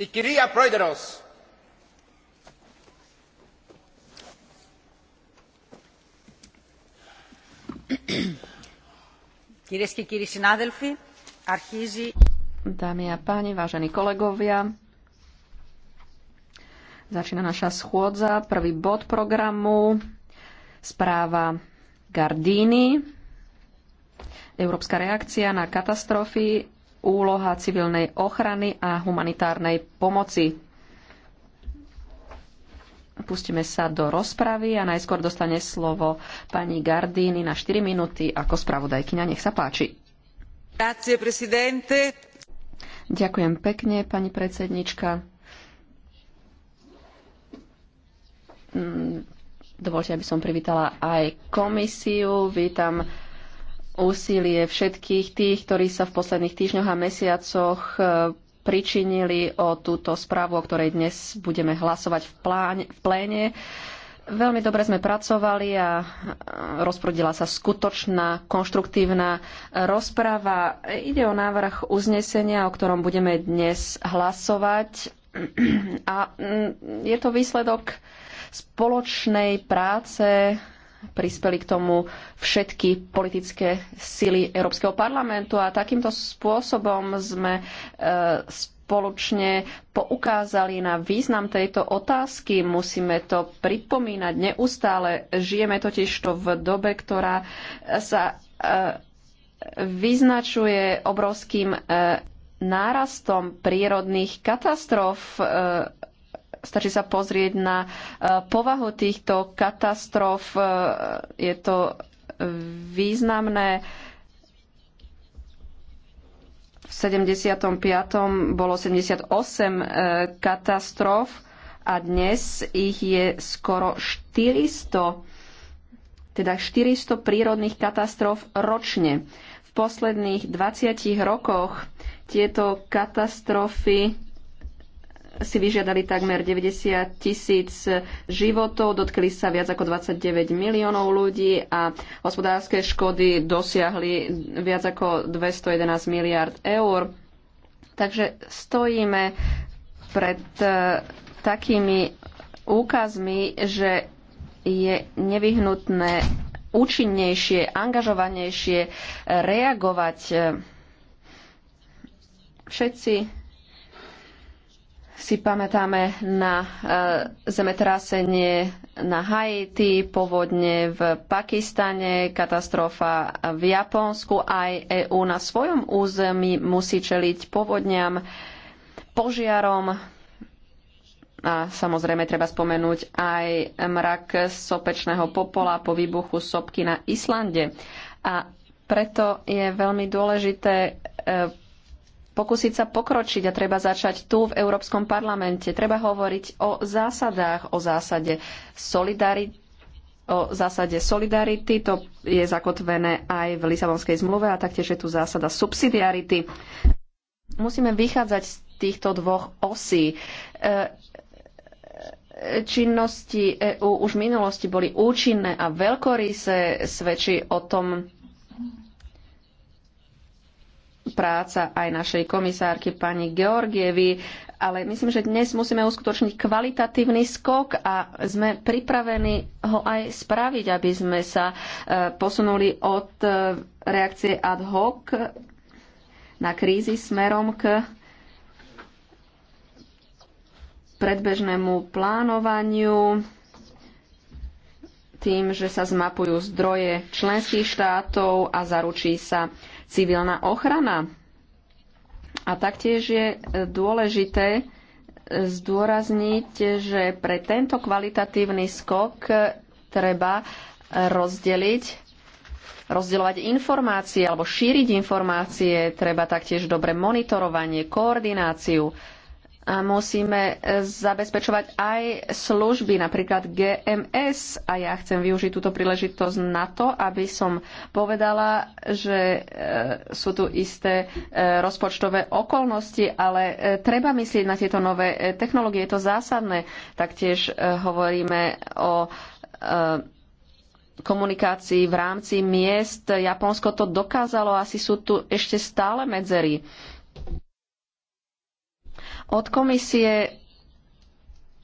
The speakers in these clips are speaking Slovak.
Η κυρία Πρόεδρος. Κυρίες και κύριοι συνάδελφοι, αρχίζει... Dámy a βάζανοι κολεγόβια, kolegovia, začína naša schôdza. Prvý bod programu, správa Gardini, Európska reakcia na katastrofy úloha civilnej ochrany a humanitárnej pomoci. Pustíme sa do rozpravy a najskôr dostane slovo pani Gardíny na 4 minúty ako spravodajkyňa. Nech sa páči. Ďakujem pekne, pani predsednička. Mm, dovolte, aby som privítala aj komisiu. Vítam úsilie všetkých tých, ktorí sa v posledných týždňoch a mesiacoch e, pričinili o túto správu, o ktorej dnes budeme hlasovať v, pláne, v pléne. Veľmi dobre sme pracovali a rozprudila sa skutočná, konštruktívna rozprava. Ide o návrh uznesenia, o ktorom budeme dnes hlasovať. A mm, je to výsledok spoločnej práce prispeli k tomu všetky politické sily Európskeho parlamentu a takýmto spôsobom sme e, spoločne poukázali na význam tejto otázky. Musíme to pripomínať neustále. Žijeme totiž to v dobe, ktorá sa e, vyznačuje obrovským e, nárastom prírodných katastrof Stačí sa pozrieť na e, povahu týchto katastrof. E, je to významné. V 75. bolo 78 e, katastrof a dnes ich je skoro 400, teda 400 prírodných katastrof ročne. V posledných 20 rokoch tieto katastrofy si vyžiadali takmer 90 tisíc životov, dotkli sa viac ako 29 miliónov ľudí a hospodárske škody dosiahli viac ako 211 miliard eur. Takže stojíme pred e, takými úkazmi, že je nevyhnutné účinnejšie, angažovanejšie reagovať. E, všetci si pamätáme na e, zemetrasenie na Haiti, povodne v Pakistane, katastrofa v Japonsku. Aj EÚ na svojom území musí čeliť povodňam, požiarom. A samozrejme treba spomenúť aj mrak sopečného popola po výbuchu sopky na Islande. A preto je veľmi dôležité e, pokúsiť sa pokročiť a treba začať tu v Európskom parlamente. Treba hovoriť o zásadách, o zásade solidarity o zásade solidarity, to je zakotvené aj v Lisabonskej zmluve a taktiež je tu zásada subsidiarity. Musíme vychádzať z týchto dvoch osí. E, e, činnosti EU už v minulosti boli účinné a veľkorysé svedčí o tom práca aj našej komisárky pani Georgievi, ale myslím, že dnes musíme uskutočniť kvalitatívny skok a sme pripravení ho aj spraviť, aby sme sa e, posunuli od e, reakcie ad hoc na krízy smerom k predbežnému plánovaniu, tým, že sa zmapujú zdroje členských štátov a zaručí sa civilná ochrana. A taktiež je e, dôležité e, zdôrazniť, že pre tento kvalitatívny skok e, treba rozdeliť rozdeľovať informácie alebo šíriť informácie, treba taktiež dobre monitorovanie, koordináciu musíme e, zabezpečovať aj služby, napríklad GMS. A ja chcem využiť túto príležitosť na to, aby som povedala, že e, sú tu isté e, rozpočtové okolnosti, ale treba myslieť na tieto nové technológie. Je to zásadné. Taktiež hovoríme o komunikácii v rámci miest. Japonsko to dokázalo, asi sú tu ešte stále medzery. Od komisie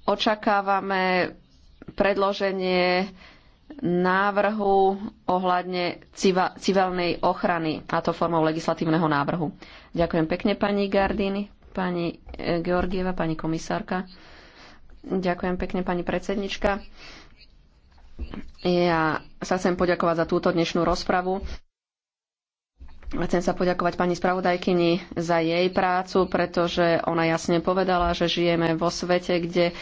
očakávame predloženie návrhu ohľadne civilnej ochrany, a to formou legislatívneho návrhu. Ďakujem pekne pani Gardini, pani e, Georgieva, pani komisárka. Ďakujem pekne pani predsednička. Ja sa chcem poďakovať za túto dnešnú rozpravu. Chcem sa poďakovať pani spravodajkyni za jej prácu, pretože ona jasne povedala, že žijeme vo svete, kde e,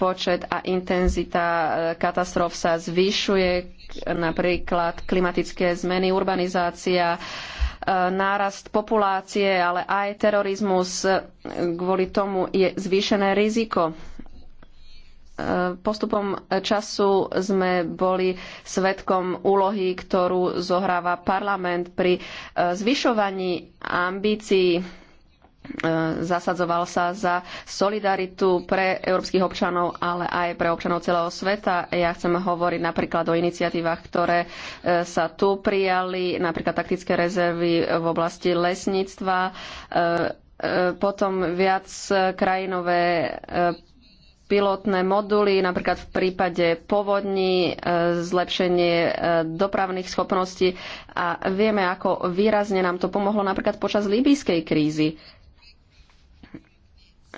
počet a intenzita e, katastrof sa zvyšuje, napríklad klimatické zmeny, urbanizácia, e, nárast populácie, ale aj terorizmus. Kvôli tomu je zvýšené riziko postupom času sme boli svetkom úlohy, ktorú zohráva parlament pri e, zvyšovaní ambícií. E, zasadzoval sa za solidaritu pre európskych občanov, ale aj pre občanov celého sveta. Ja chcem hovoriť napríklad o iniciatívach, ktoré e, sa tu prijali, napríklad taktické rezervy v oblasti lesníctva, potom viac krajinové pilotné moduly, napríklad v prípade povodní, e, zlepšenie e, dopravných schopností a vieme, ako výrazne nám to pomohlo napríklad počas líbyjskej krízy.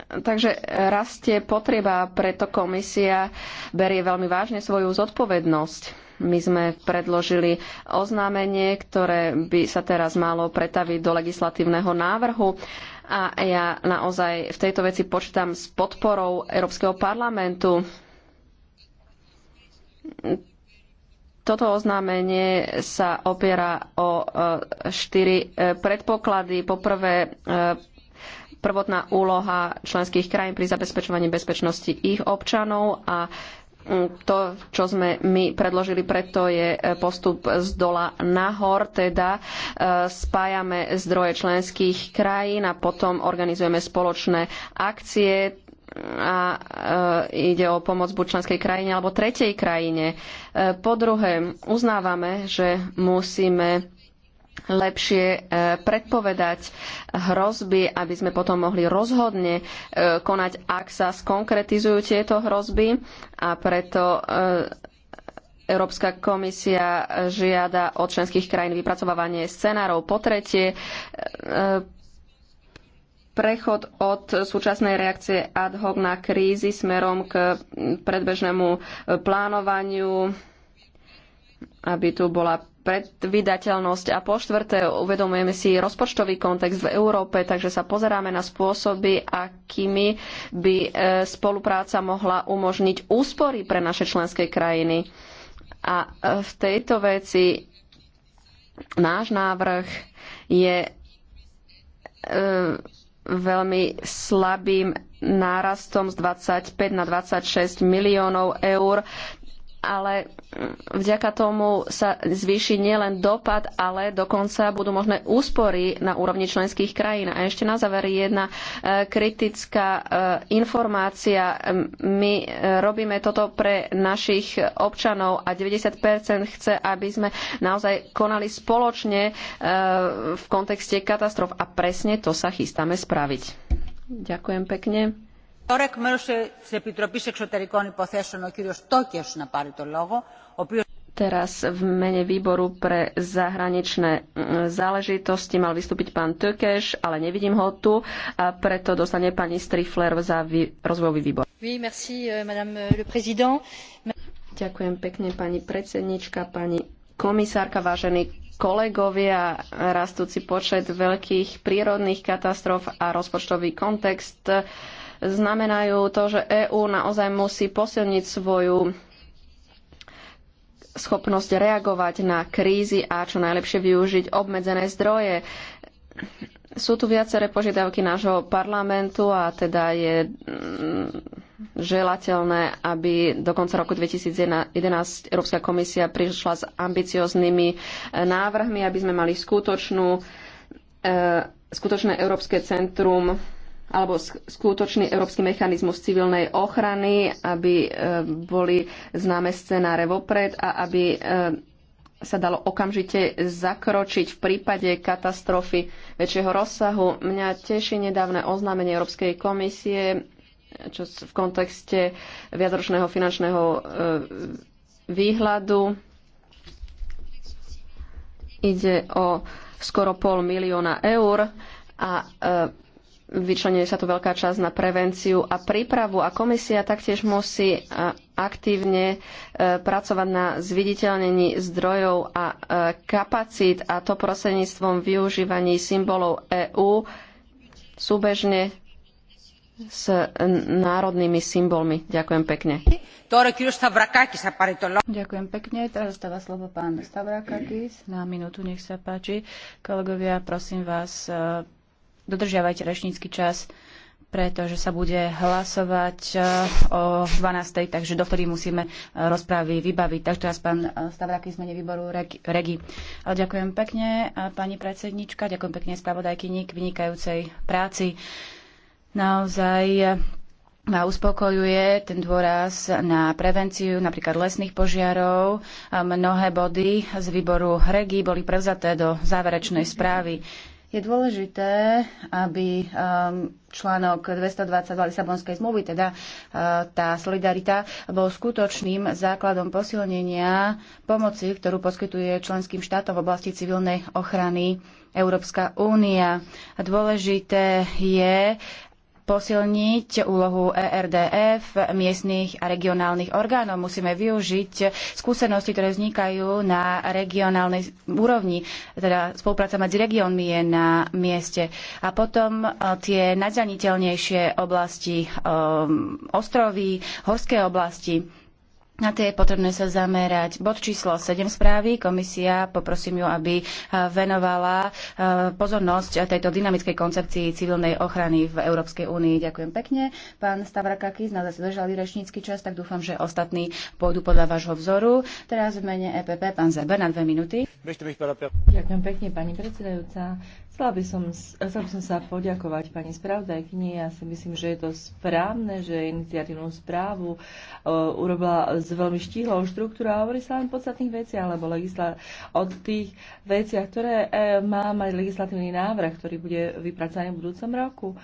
Takže rastie potreba, preto komisia berie veľmi vážne svoju zodpovednosť. My sme predložili oznámenie, ktoré by sa teraz malo pretaviť do legislatívneho návrhu. A ja naozaj v tejto veci počítam s podporou Európskeho parlamentu. Toto oznámenie sa opiera o e, štyri e, predpoklady. Poprvé, e, prvotná úloha členských krajín pri zabezpečovaní bezpečnosti ich občanov a to, čo sme my predložili, preto je e, postup z dola nahor, teda e, spájame zdroje členských krajín a potom organizujeme spoločné akcie a e, ide o pomoc buď členskej krajine alebo tretej krajine. Po druhé, uznávame, že musíme lepšie e, predpovedať hrozby, aby sme potom mohli rozhodne e, konať, ak sa skonkretizujú tieto hrozby. A preto e, Európska komisia žiada od členských krajín vypracovávanie scenárov. Po tretie, prechod od súčasnej reakcie ad hoc na krízy smerom k predbežnému plánovaniu, aby tu bola predvydateľnosť a po štvrté uvedomujeme si rozpočtový kontext v Európe, takže sa pozeráme na spôsoby, akými by e, spolupráca mohla umožniť úspory pre naše členské krajiny. A e, v tejto veci náš návrh je e, veľmi slabým nárastom z 25 na 26 miliónov eur ale vďaka tomu sa zvýši nielen dopad, ale dokonca budú možné úspory na úrovni členských krajín. A ešte na záver jedna e, kritická e, informácia. My e, robíme toto pre našich občanov a 90% chce, aby sme naozaj konali spoločne v kontexte katastrof a presne to sa chystáme spraviť. Ďakujem pekne. Teraz v mene výboru pre zahraničné mm, záležitosti mal vystúpiť pán Tökeš, ale nevidím ho tu a preto dostane pani Strifler za rozvojový výbor. Oui, merci, euh, euh, Ďakujem pekne pani predsednička, pani komisárka, vážení kolegovia, rastúci počet veľkých prírodných katastrof a rozpočtový kontext znamenajú to, že EÚ naozaj musí posilniť svoju schopnosť reagovať na krízy a čo najlepšie využiť obmedzené zdroje. Sú tu viaceré požiadavky nášho parlamentu a teda je mm, želateľné, aby do konca roku 2011 Európska komisia prišla s ambicioznými e, návrhmi, aby sme mali skutočnú, e, skutočné Európske centrum alebo skutočný európsky mechanizmus civilnej ochrany, aby e, boli známe scenáre vopred a aby e, sa dalo okamžite zakročiť v prípade katastrofy väčšieho rozsahu. Mňa teší nedávne oznámenie Európskej komisie čo v kontexte viacročného finančného e, výhľadu. Ide o skoro pol milióna eur a Vyčlenuje sa tu veľká časť na prevenciu a prípravu a komisia taktiež musí e, aktívne e, pracovať na zviditeľnení zdrojov a e, kapacít a to prostredníctvom využívaní symbolov EÚ súbežne s národnými symbolmi. Ďakujem pekne. Ďakujem pekne. Teraz dostáva slovo pán Stavrakakis. Na minútu nech sa páči. Kolegovia, prosím vás, dodržiavajte rečnícky čas, pretože sa bude hlasovať e, o 12. takže dovtedy musíme e, rozprávy vybaviť. Takže teraz pán e, Stavraký z mene výboru Regi. Ďakujem pekne, pani predsednička, ďakujem pekne spravodajkyni k vynikajúcej práci. Naozaj ma uspokojuje ten dôraz na prevenciu napríklad lesných požiarov. Mnohé body z výboru Regi boli prevzaté do záverečnej správy. Je dôležité, aby um, článok 222 Lisabonskej zmluvy, teda uh, tá solidarita, bol skutočným základom posilnenia pomoci, ktorú poskytuje členským štátom v oblasti civilnej ochrany Európska únia. Dôležité je, posilniť úlohu ERDF, miestnych a regionálnych orgánov. Musíme využiť skúsenosti, ktoré vznikajú na regionálnej úrovni. Teda spolupráca medzi regiónmi je na mieste. A potom e, tie najzraniteľnejšie oblasti, e, ostrovy, horské oblasti na tie je potrebné sa zamerať. Bod číslo 7 správy. Komisia, poprosím ju, aby e, venovala e, pozornosť tejto dynamickej koncepcii civilnej ochrany v Európskej únii. Ďakujem pekne. Pán Stavrakakis, na zase držali rečnícky čas, tak dúfam, že ostatní pôjdu podľa vášho vzoru. Teraz v mene EPP, pán Zeber, na dve minúty. Ďakujem pekne, pani predsedajúca. Chcela by, som, chcela by som sa poďakovať pani spravodajkyni. Ja si myslím, že je to správne, že iniciatívnu správu uh, urobila s veľmi štíhlou štruktúrou a hovorí sa len o podstatných veciach, alebo legisla- o tých veciach, ktoré uh, má mať legislatívny návrh, ktorý bude vypracovaný v budúcom roku. Uh,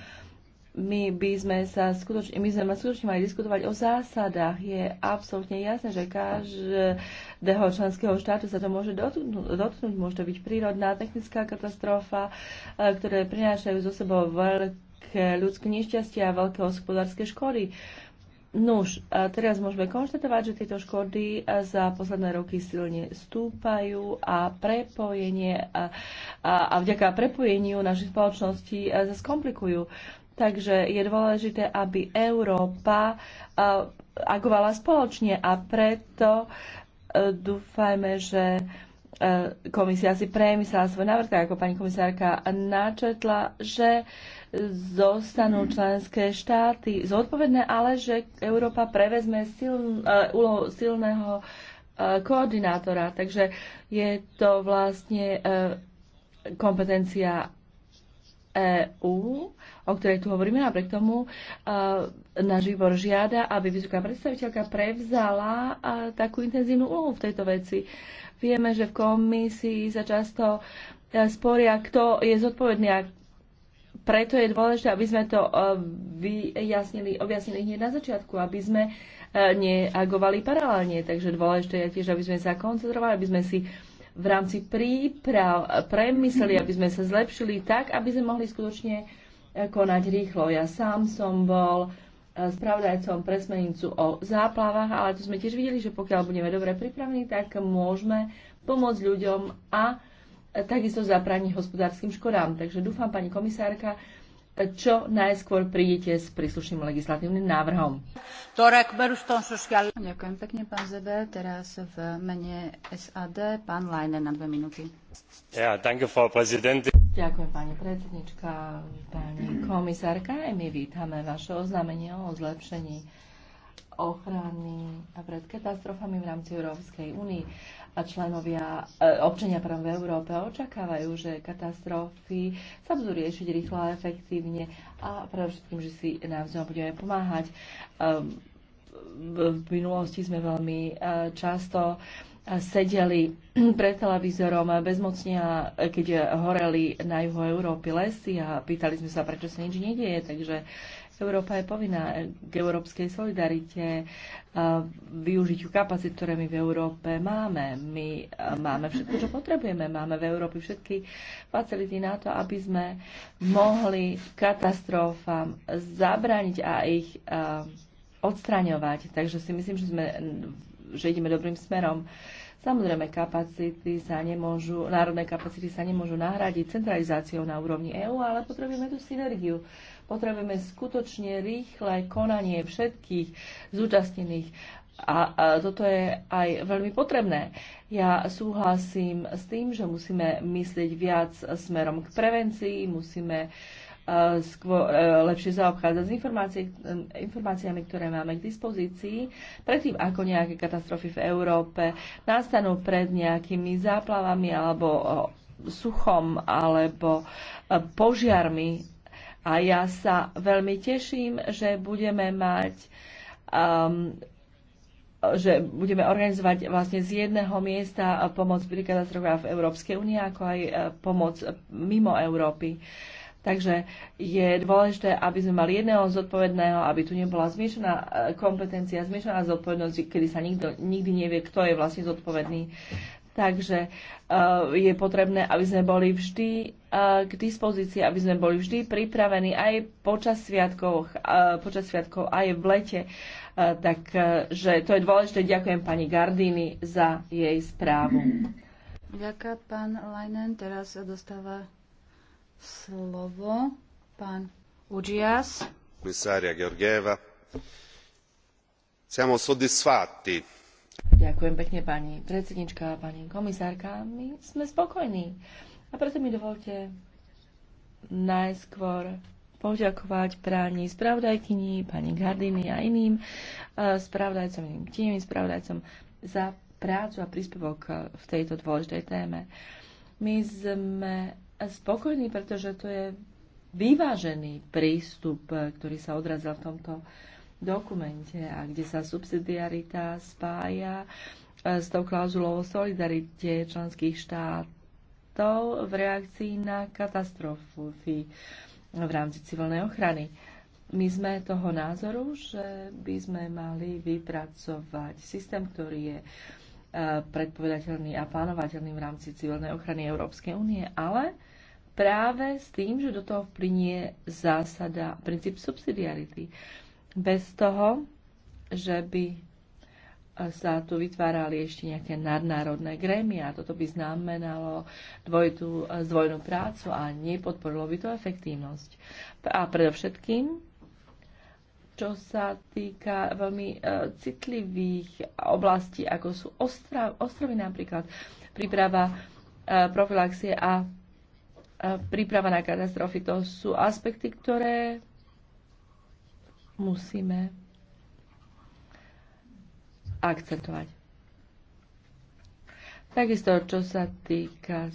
my by sme sa skutočne, my sme skutočne mali diskutovať o zásadách. Je absolútne jasné, že každého členského štátu sa to môže dotknúť. dotknúť. Môže to byť prírodná, technická katastrofa, e, ktoré prinášajú zo sebou veľké ľudské nešťastie a veľké hospodárske škody. Nuž, teraz môžeme konštatovať, že tieto škody za posledné roky silne stúpajú a prepojenie a, a, a vďaka prepojeniu našich spoločností e, sa skomplikujú. Takže je dôležité, aby Európa agovala spoločne a preto e, dúfajme, že e, komisia si premyslela svoj návrh, tak ako pani komisárka načetla, že zostanú členské štáty zodpovedné, ale že Európa prevezme siln, e, silného koordinátora. Takže je to vlastne kompetencia EÚ, o ktorej tu hovoríme, napriek tomu e, náš výbor žiada, aby vysoká predstaviteľka prevzala e, takú intenzívnu úlohu v tejto veci. Vieme, že v komisii sa často e, sporia, kto je zodpovedný a preto je dôležité, aby sme to vyjasnili, objasnili hneď na začiatku, aby sme neagovali paralelne. Takže dôležité je tiež, aby sme sa koncentrovali, aby sme si v rámci príprav premysleli, aby sme sa zlepšili tak, aby sme mohli skutočne e, konať rýchlo. Ja sám som bol e, spravodajcom presmenicu o záplavách, ale tu sme tiež videli, že pokiaľ budeme dobre pripravení, tak môžeme pomôcť ľuďom a e, takisto zabrániť hospodárskym škodám. Takže dúfam, pani komisárka, čo najskôr prídete s príslušným legislatívnym návrhom. Ďakujem pekne, pán Zebe. Teraz v mene SAD pán Lajne na dve minúty. Ja, danke, Frau Präsidentin. Ďakujem, pani predsednička, pani komisárka. Aj my vítame vaše oznámenie o zlepšení ochrany pred katastrofami v rámci Európskej únie a členovia, e, občania práve v Európe očakávajú, že katastrofy sa budú riešiť rýchlo a efektívne a všetkým, že si navzájom budeme pomáhať. Ehm, v minulosti sme veľmi e, často sedeli pred televízorom bezmocne keď horeli na juhu Európy lesy a pýtali sme sa, prečo sa nič nedieje. Takže Európa je povinná k európskej solidarite, využitiu kapacit, ktoré my v Európe máme. My máme všetko, čo potrebujeme. Máme v Európe všetky facility na to, aby sme mohli katastrofám zabrániť a ich odstraňovať. Takže si myslím, že, sme, že ideme dobrým smerom. Uh, Samozrejme, kapacity sa nemôžu, národné kapacity sa nemôžu nahradiť centralizáciou na úrovni EÚ, ale potrebujeme tú synergiu. Potrebujeme skutočne rýchle konanie všetkých zúčastnených. A, a toto je aj veľmi potrebné. Ja súhlasím s tým, že musíme myslieť viac smerom k prevencii, musíme uh, E, skôr, e, lepšie zaobchádzať s e, informáciami, ktoré máme k dispozícii, predtým ako nejaké katastrofy v Európe nastanú pred nejakými záplavami alebo suchom alebo požiarmi. A ja sa veľmi teším, že budeme mať um, že budeme organizovať vlastne z jedného miesta pomoc pri katastrofách v Európskej únii, ako aj pomoc mimo Európy. Uh, Takže je dôležité, aby sme mali jedného zodpovedného, aby tu nebola zmiešaná e, kompetencia, zmiešaná zodpovednosť, kedy sa nikto, nikdy nevie, kto je vlastne zodpovedný. Takže e, je potrebné, aby sme boli vždy e, k dispozícii, aby sme boli vždy pripravení aj počas sviatkov, počas sviatkov aj v lete. Takže to je dôležité. Ďakujem pani Gardini za jej správu. Ďakujem, pán Leinen. Teraz dostáva slovo pán Udžias. Komisária Georgieva. Siamo soddisfatti. Ďakujem pekne pani predsednička, pani komisárka. My sme spokojní. A preto mi dovolte najskôr poďakovať práni spravodajkyni, pani gardini a iným e, spravodajcom, iným tímým spravodajcom za prácu a príspevok v tejto dôležitej téme. My sme Spokojný, pretože to je vyvážený prístup, ktorý sa odrazil v tomto dokumente a kde sa subsidiarita spája e, s tou klauzulou o solidarite členských štátov v reakcii na katastrofu v rámci civilnej ochrany. My sme toho názoru, že by sme mali vypracovať systém, ktorý je uh, predpovedateľný a plánovateľný v rámci civilnej ochrany Európskej únie, ale práve s tým, že do toho vplynie zásada, princíp subsidiarity. Bez toho, že by sa tu vytvárali ešte nejaké nadnárodné grémia. Toto by znamenalo dvojitú, e, zdvojnú prácu a nepodporilo by to efektívnosť. A predovšetkým čo sa týka veľmi uh, citlivých oblastí, ako sú ostrovy napríklad, príprava uh, profilaxie a e, príprava na katastrofy. To sú aspekty, ktoré musíme akceptovať. Takisto, čo sa týka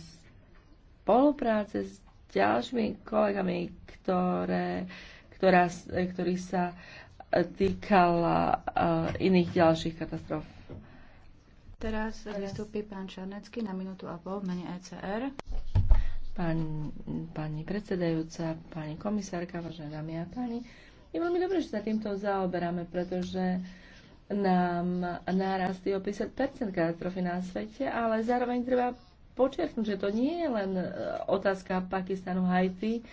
spolupráce s ďalšími kolegami, ktoré uh, ktorá, ktorý sa e, týkala e, iných ďalších katastrof. Teraz vystúpi pán Čarnecký na minútu a pol v mene ECR. Pán, pani predsedajúca, pani komisárka, vážené dámy a páni, je veľmi dobré, že sa týmto zaoberáme, pretože nám narastí o 50 katastrofy na svete, ale zároveň treba počerknúť, že to nie je len e, otázka Pakistanu, Haiti,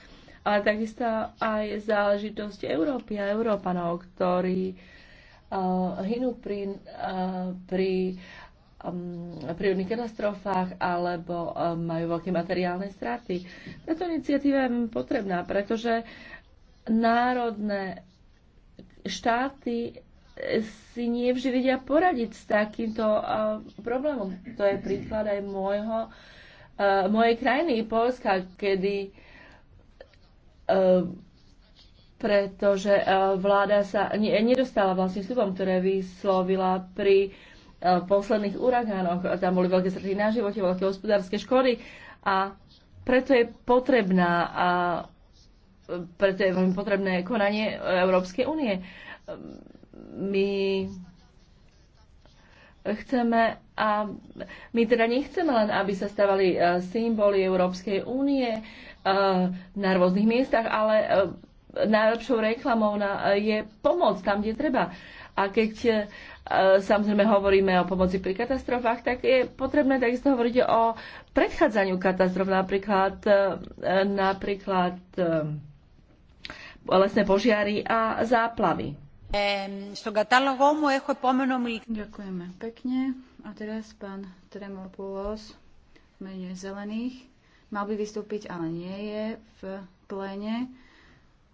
ale takisto aj záležitosť Európy a Európanov, ktorí uh, hynú pri, uh, pri um, prírodných katastrofách alebo um, majú veľké materiálne straty. Táto iniciatíva je potrebná, pretože národné štáty si nie vždy vedia poradiť s takýmto uh, problémom. To je príklad aj môjho, uh, mojej krajiny, Polska, kedy Ehm, pretože ehm, vláda sa nedostala vlastne slubom, ktoré vyslovila pri ehm, posledných uragánoch. Tam boli veľké straty na živote, veľké hospodárske škody a preto je potrebná a preto je veľmi potrebné konanie Európskej únie. My chceme a my teda nechceme len, aby sa stávali e, symboly Európskej únie e, na rôznych miestach, ale e, najlepšou reklamou je pomoc tam, kde treba. A keď samozrejme hovoríme o pomoci pri katastrofách, tak je potrebné takisto hovoriť o predchádzaniu katastrof, napríklad, napríklad lesné požiary a záplavy. Ehm, Ďakujeme pekne. A teraz pán Tremopoulos v mene zelených. Mal by vystúpiť, ale nie je v pléne.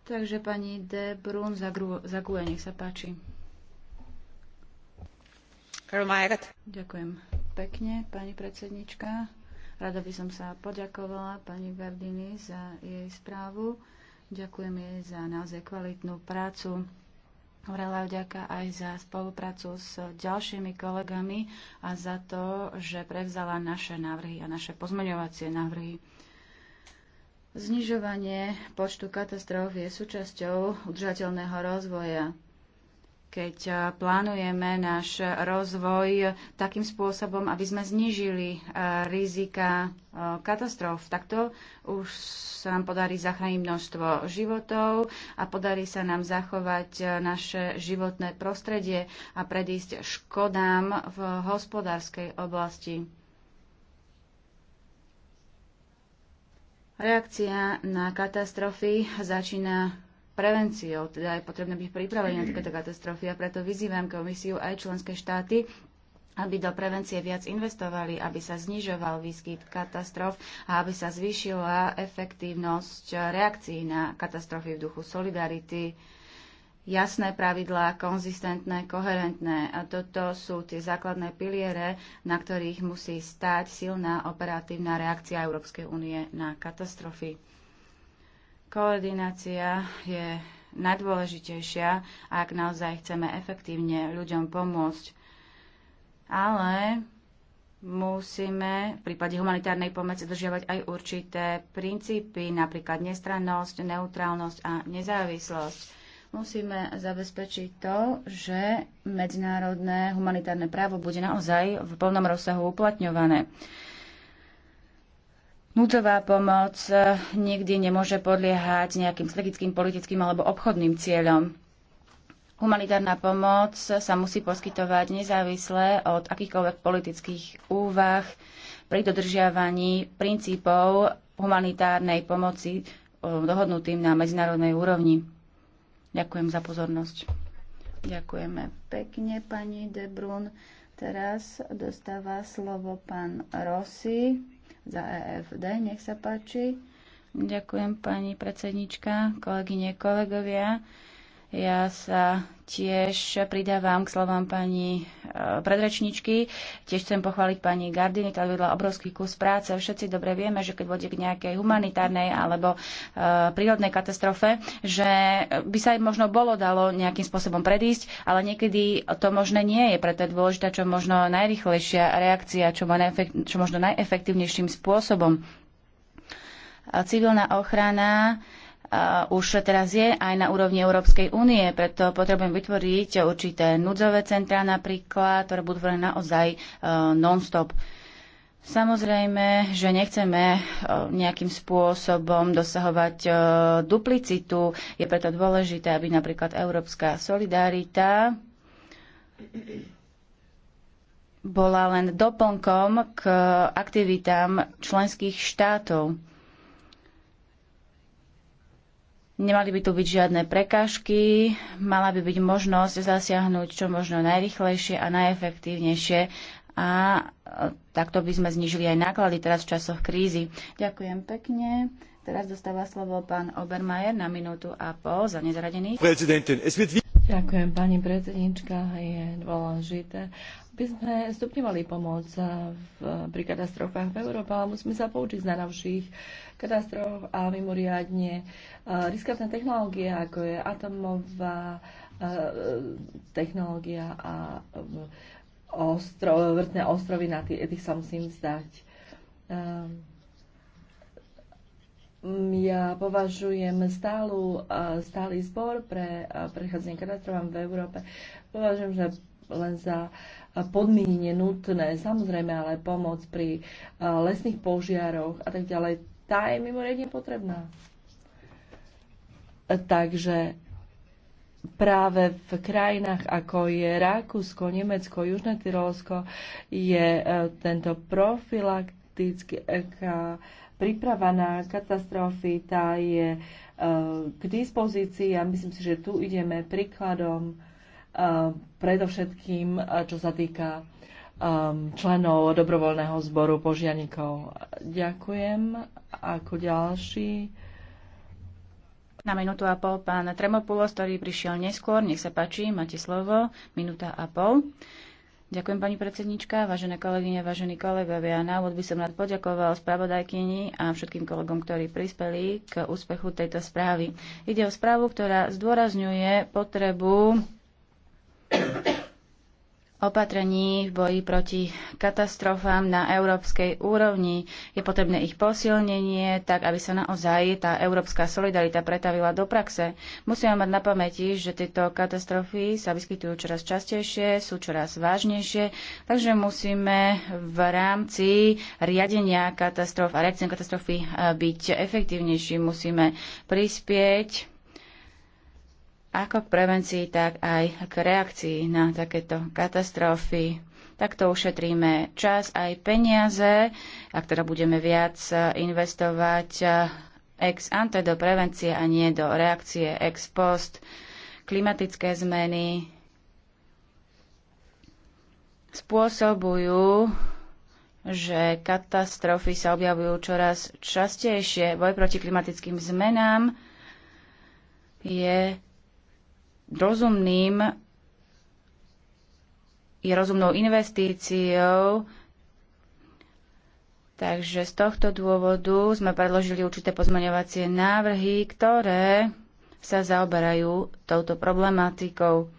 Takže pani De Brun Zague, nech sa páči. Ďakujem pekne, pani predsednička. Rada by som sa poďakovala pani Gardini za jej správu. Ďakujem jej za naozaj kvalitnú prácu. Vrela vďaka aj za spoluprácu s ďalšími kolegami a za to, že prevzala naše návrhy a naše pozmeňovacie návrhy. Znižovanie počtu katastrof je súčasťou udržateľného rozvoja keď eh, plánujeme náš rozvoj takým spôsobom, aby sme znížili eh, rizika eh, katastrof. Takto už sa nám podarí zachrániť množstvo životov a podarí sa nám zachovať naše životné prostredie a predísť škodám v hospodárskej oblasti. Reakcia na katastrofy začína prevenciou, teda je potrebné byť pripravený na takéto katastrofy a preto vyzývam komisiu aj členské štáty, aby do prevencie viac investovali, aby sa znižoval výskyt katastrof a aby sa zvýšila efektívnosť reakcií na katastrofy v duchu solidarity, jasné pravidlá, konzistentné, koherentné. A toto sú tie základné piliere, na ktorých musí stať silná operatívna reakcia Európskej únie na katastrofy. Koordinácia je najdôležitejšia, ak naozaj chceme efektívne ľuďom pomôcť. Ale musíme v prípade humanitárnej pomoci držiavať aj určité princípy, napríklad nestrannosť, neutrálnosť a nezávislosť. Musíme zabezpečiť to, že medzinárodné humanitárne právo bude naozaj v plnom rozsahu uplatňované. Núdzová pomoc e, nikdy nemôže podliehať nejakým strategickým, politickým alebo obchodným cieľom. Humanitárna pomoc sa musí poskytovať nezávisle od akýchkoľvek politických úvah pri dodržiavaní princípov humanitárnej pomoci e, dohodnutým na medzinárodnej úrovni. Ďakujem za pozornosť. Ďakujeme pekne, pani Debrun. Teraz dostáva slovo pán Rossi za EFD. Nech sa páči. Ďakujem pani predsednička, kolegyne, kolegovia. Ja sa tiež pridávam k slovám pani eh, predrečničky. Tiež chcem pochváliť pani Gardini, ktorá vedla obrovský kus práce. Všetci dobre vieme, že keď vode k nejakej humanitárnej alebo eh, prírodnej katastrofe, že by sa aj možno bolo dalo nejakým spôsobom predísť, ale niekedy to možné nie je. Preto je dôležitá čo možno najrychlejšia reakcia, čo možno najefektívnejším spôsobom. Civilná ochrana Uh, už teraz je aj na úrovni Európskej únie, preto potrebujem vytvoriť určité núdzové centrá napríklad, ktoré budú tvorené naozaj uh, non-stop. Samozrejme, že nechceme uh, nejakým spôsobom dosahovať duplicitu. Je preto dôležité, aby napríklad európska solidarita bola len doplnkom k aktivitám členských štátov. Nemali by tu byť žiadne prekážky, mala by byť možnosť zasiahnuť čo možno najrychlejšie a najefektívnejšie a e, takto by sme znižili aj náklady teraz v časoch krízy. Ďakujem pekne. Teraz dostáva slovo pán Obermajer na minútu a pol za nezradených. Ďakujem, pani predsednička. Je dôležité, aby sme stupňovali pomoc v, pri katastrofách v Európe, ale musíme sa poučiť z najnovších katastrof a mimoriadne riskantné technológie, ako je atomová technológia a ostro, vrtné ostrovy, na tých, tých sa musím vzdať. Um, Mm, ja považujem stálu, stály zbor pre prechádzanie katastrofám v Európe. Považujem, že len za podmienenie nutné, samozrejme, ale pomoc pri lesných požiaroch a tak ďalej, tá je mimoriadne potrebná. Takže práve v krajinách ako je Rakúsko, Nemecko, Južné Tyrolsko je e, tento profilaktický e, príprava na katastrofy, tá je e, k dispozícii a myslím si, že tu ideme príkladom e, predovšetkým, e, čo sa týka členov dobrovoľného zboru požianikov. Ďakujem. Ako ďalší na minútu a pol pán Tremopulos, ktorý prišiel neskôr. Nech sa páči, máte slovo. Minúta a pol. Ďakujem pani predsednička, vážené kolegyne, vážení kolegovia. Na úvod by som rád poďakoval spravodajkyni a všetkým kolegom, ktorí prispeli k úspechu tejto správy. Ide o správu, ktorá zdôrazňuje potrebu opatrení v boji proti katastrofám na európskej úrovni. Je potrebné ich posilnenie, tak aby sa naozaj tá európska solidarita pretavila do praxe. Musíme mať na pamäti, že tieto katastrofy sa vyskytujú čoraz častejšie, sú čoraz vážnejšie, takže musíme v rámci riadenia katastrof a reakcie katastrofy eh, byť efektívnejší. Musíme prispieť ako k prevencii, tak aj k reakcii na takéto katastrofy. Takto ušetríme čas aj peniaze, ak teda budeme viac investovať ex ante do prevencie a nie do reakcie ex post, klimatické zmeny spôsobujú, že katastrofy sa objavujú čoraz častejšie. Boj proti klimatickým zmenám je rozumným, je rozumnou investíciou, Takže z tohto dôvodu sme predložili určité pozmaňovacie návrhy, ktoré sa zaoberajú touto problematikou.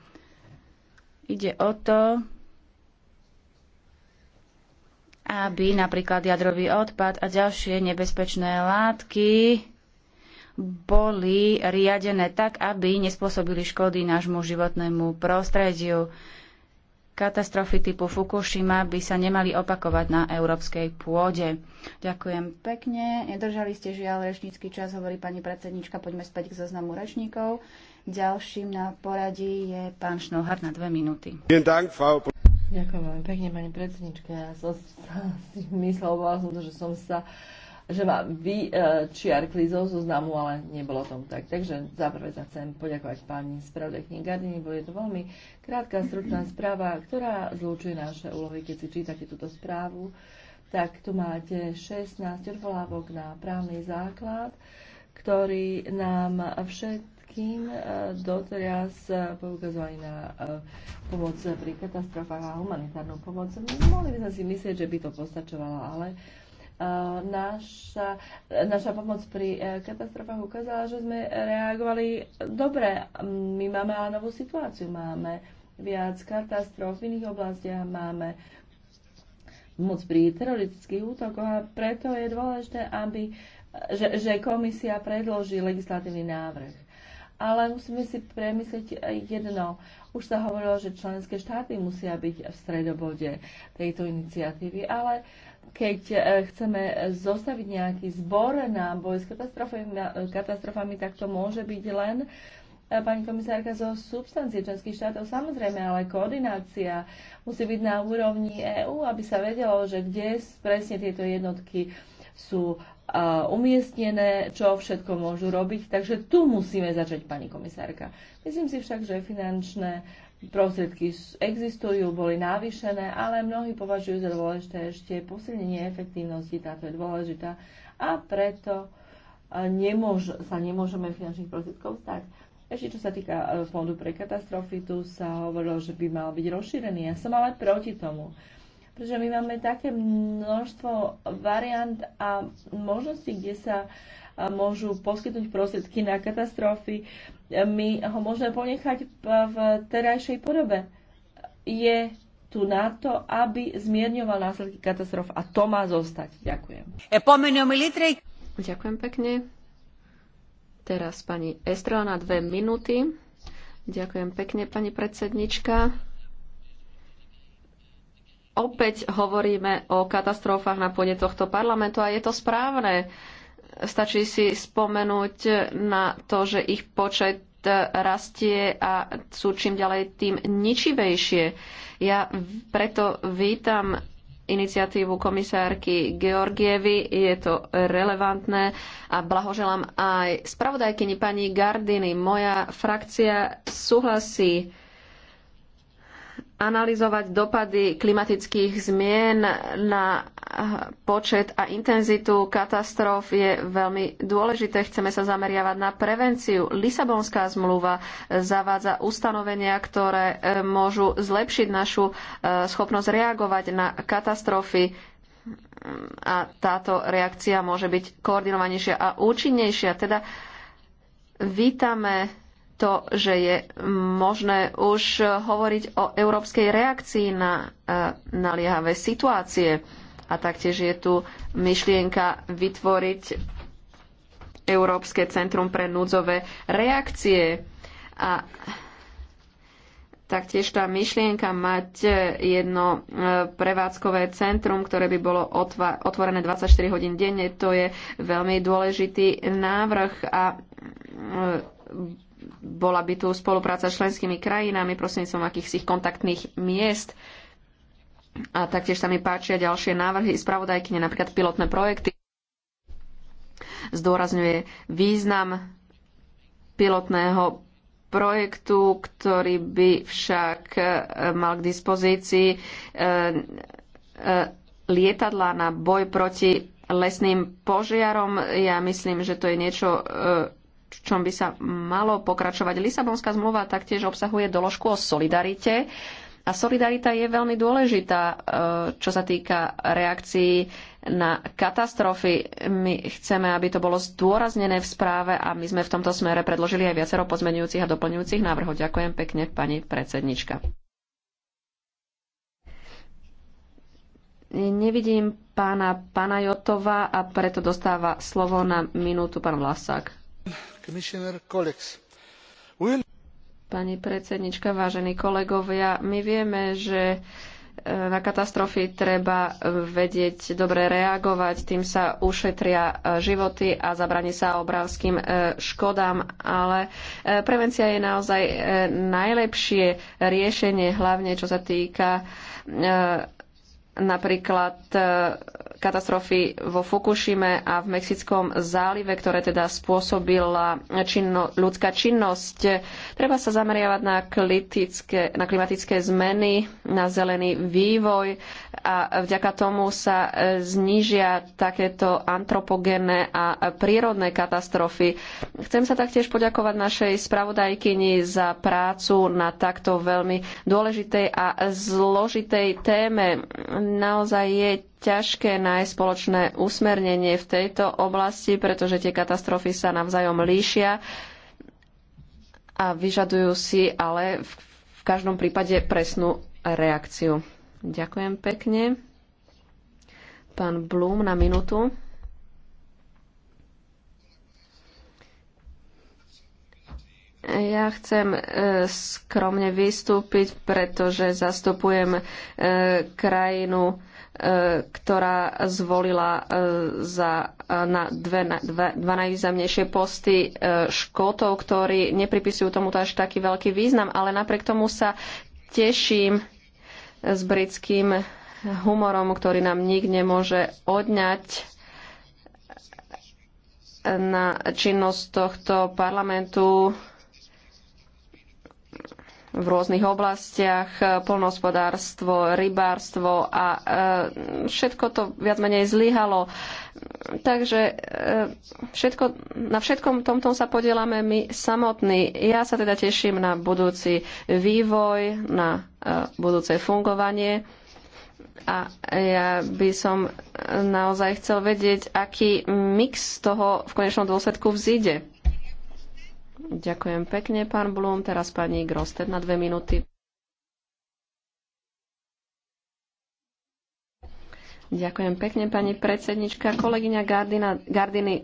Ide o to, aby napríklad jadrový odpad a ďalšie nebezpečné látky boli riadené tak, aby nespôsobili škody nášmu životnému prostrediu. Katastrofy typu Fukushima by sa nemali opakovať na európskej pôde. Ďakujem pekne. Nedržali ste žiaľ rečnícky čas, hovorí pani predsednička. Poďme späť k zoznamu rečníkov. Ďalším na poradí je pán Šnohar na dve minúty. Ďakujem veľmi pekne, pani predsednička. Ja som sa myslel, že som sa že ma vyčiarkli zo zoznamu, ale nebolo tomu tak. Takže za prvé sa chcem poďakovať pani spravodajkyni Gardini, bo je to veľmi krátka, stručná správa, ktorá zlučuje naše úlohy. Keď si čítate túto správu, tak tu máte 16 odvolávok na právny základ, ktorý nám všetkým kým e, doteraz poukazovali na e, pomoc pri katastrofách a humanitárnu pomoc. Mohli by sme si myslieť, že by to postačovalo, ale Naša, naša pomoc pri e, katastrofách ukázala, že sme reagovali dobre. My máme ale novú situáciu. Máme viac katastrof v iných oblastiach, máme moc pri teroristických útokoch a preto je dôležité, aby, že, že komisia predloží legislatívny návrh. Ale musíme si premyslieť jedno. Už sa hovorilo, že členské štáty musia byť v stredobode tejto iniciatívy, ale uh, keď e, chceme zostaviť nejaký zbor na boj s katastrofami, e, katastrofami tak to môže byť len e, pani komisárka zo substancie členských štátov, samozrejme, ale koordinácia musí byť na úrovni EÚ, aby sa vedelo, že kde presne tieto jednotky sú umiestnené, čo všetko môžu robiť. Takže tu musíme začať, pani komisárka. Myslím si však, že finančné prostriedky existujú, boli navýšené, ale mnohí považujú za dôležité ešte posilnenie efektívnosti, táto je dôležitá a preto nemôž, sa nemôžeme finančných prostriedkov stať. Ešte čo sa týka e, fondu pre katastrofy, tu sa hovorilo, že by mal byť rozšírený. Ja som ale proti tomu, pretože my máme také množstvo variant a možností, kde sa môžu poskytnúť prostriedky na katastrofy. My ho môžeme ponechať v terajšej podobe. Je tu na to, aby zmierňoval následky katastrof a to má zostať. Ďakujem. E, Ďakujem pekne. Teraz pani Estrela na dve minúty. Ďakujem pekne, pani predsednička. Opäť hovoríme o katastrofách na pôde tohto parlamentu a je to správne. Stačí si spomenúť na to, že ich počet e, rastie a sú čím ďalej tým ničivejšie. Ja preto vítam iniciatívu komisárky Georgievy. Je to relevantné a blahoželám aj spravodajkyni pani Gardiny. Moja frakcia súhlasí analyzovať dopady klimatických zmien na počet a intenzitu katastrof je veľmi dôležité. Chceme sa zameriavať na prevenciu. Lisabonská zmluva zavádza ustanovenia, ktoré e, môžu zlepšiť našu e, schopnosť reagovať na katastrofy a táto reakcia môže byť koordinovanejšia a účinnejšia. Teda vítame to, že je možné už hovoriť o európskej reakcii na e, naliehavé situácie. A taktiež je tu myšlienka vytvoriť Európske centrum pre núdzové reakcie. A taktiež tá myšlienka mať jedno e, prevádzkové centrum, ktoré by bolo otvorené 24 hodín denne, to je veľmi dôležitý návrh a e, bola by tu spolupráca s členskými krajinami, akých akýchsi kontaktných miest. A taktiež sa mi páčia ďalšie návrhy spravodajkyne, napríklad pilotné projekty. Zdôrazňuje význam pilotného projektu, ktorý by však e, mal k dispozícii e, e, lietadla na boj proti lesným požiarom. Ja myslím, že to je niečo, čom by sa malo pokračovať. Lisabonská zmluva taktiež obsahuje doložku o solidarite. A solidarita je veľmi dôležitá, e, čo sa týka reakcií na katastrofy. My chceme, aby to bolo zdôraznené v správe a my sme v tomto smere predložili aj viacero pozmenujúcich a doplňujúcich návrhov. Ďakujem pekne, pani predsednička. Nevidím pána Panajotova a preto dostáva slovo na minútu pán Vlasák. Pani predsednička, vážení kolegovia, my vieme, že e, na katastrofy treba e, vedieť dobre reagovať, tým sa ušetria e, životy a zabraní sa obrovským škodám, ale prevencia je naozaj najlepšie riešenie, hlavne čo sa týka napríklad katastrofy vo Fukushime a v Mexickom zálive, ktoré teda spôsobila činno, ľudská činnosť. Treba sa zameriavať na, klitické, na klimatické zmeny, na zelený vývoj a vďaka tomu sa e, znížia takéto antropogénne a prírodné katastrofy. Chcem sa taktiež poďakovať našej spravodajkyni za prácu na takto veľmi dôležitej a zložitej téme. Naozaj je ťažké nájsť spoločné usmernenie v tejto oblasti, pretože tie katastrofy sa navzájom líšia a vyžadujú si ale v každom prípade presnú reakciu. Ďakujem pekne. Pán Blum na minútu. Ja chcem e, skromne vystúpiť, pretože zastupujem e, krajinu ktorá zvolila e, za, e, na dve, dve, dva najvýznamnejšie posty e, Škótov, ktorí nepripisujú tomuto až taký veľký význam, ale napriek tomu sa teším s britským humorom, ktorý nám nik nemôže odňať na činnosť tohto parlamentu v rôznych oblastiach, polnohospodárstvo, rybárstvo a e, všetko to viac menej zlyhalo. Takže e, všetko, na všetkom tomto sa podielame my samotní. Ja sa teda teším na budúci vývoj, na e, budúce fungovanie. A ja by som naozaj chcel vedieť, aký mix toho v konečnom dôsledku vzíde. Ďakujem pekne, pán Blum. Teraz pani Grosted na dve minúty. Ďakujem pekne, pani predsednička. Kolegyňa Gardina, Gardiny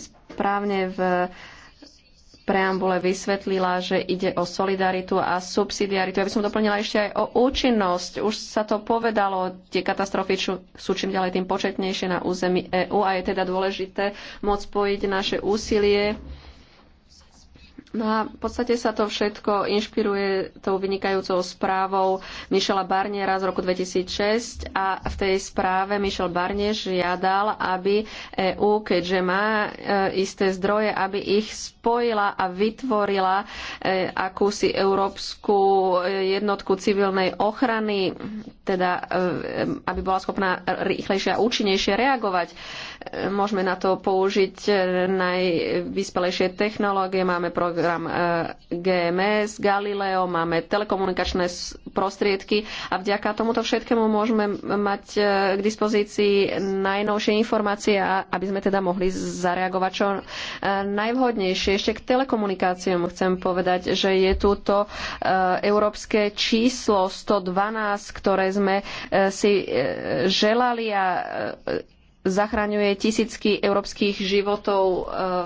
správne v preambule vysvetlila, že ide o solidaritu a subsidiaritu. Ja by som doplnila ešte aj o účinnosť. Už sa to povedalo, tie katastrofy sú čím ďalej tým početnejšie na území EÚ a je teda dôležité môcť spojiť naše úsilie No a v podstate sa to všetko inšpiruje tou vynikajúcou správou Michela Barniera z roku 2006 a v tej správe Michel Barnier žiadal, aby EU, keďže má e, isté zdroje, aby ich spojila a vytvorila e, akúsi európsku e, jednotku civilnej ochrany, teda aby bola schopná rýchlejšie a účinnejšie reagovať. Môžeme na to použiť najvyspelejšie technológie, máme program program e, GMS, Galileo, máme telekomunikačné prostriedky a vďaka tomuto všetkému môžeme mať e, k dispozícii najnovšie informácie, aby sme teda mohli zareagovať čo e, najvhodnejšie. Ešte k telekomunikáciám chcem povedať, že je tu to európske číslo 112, ktoré sme si želali a zachraňuje tisícky európskych životov e,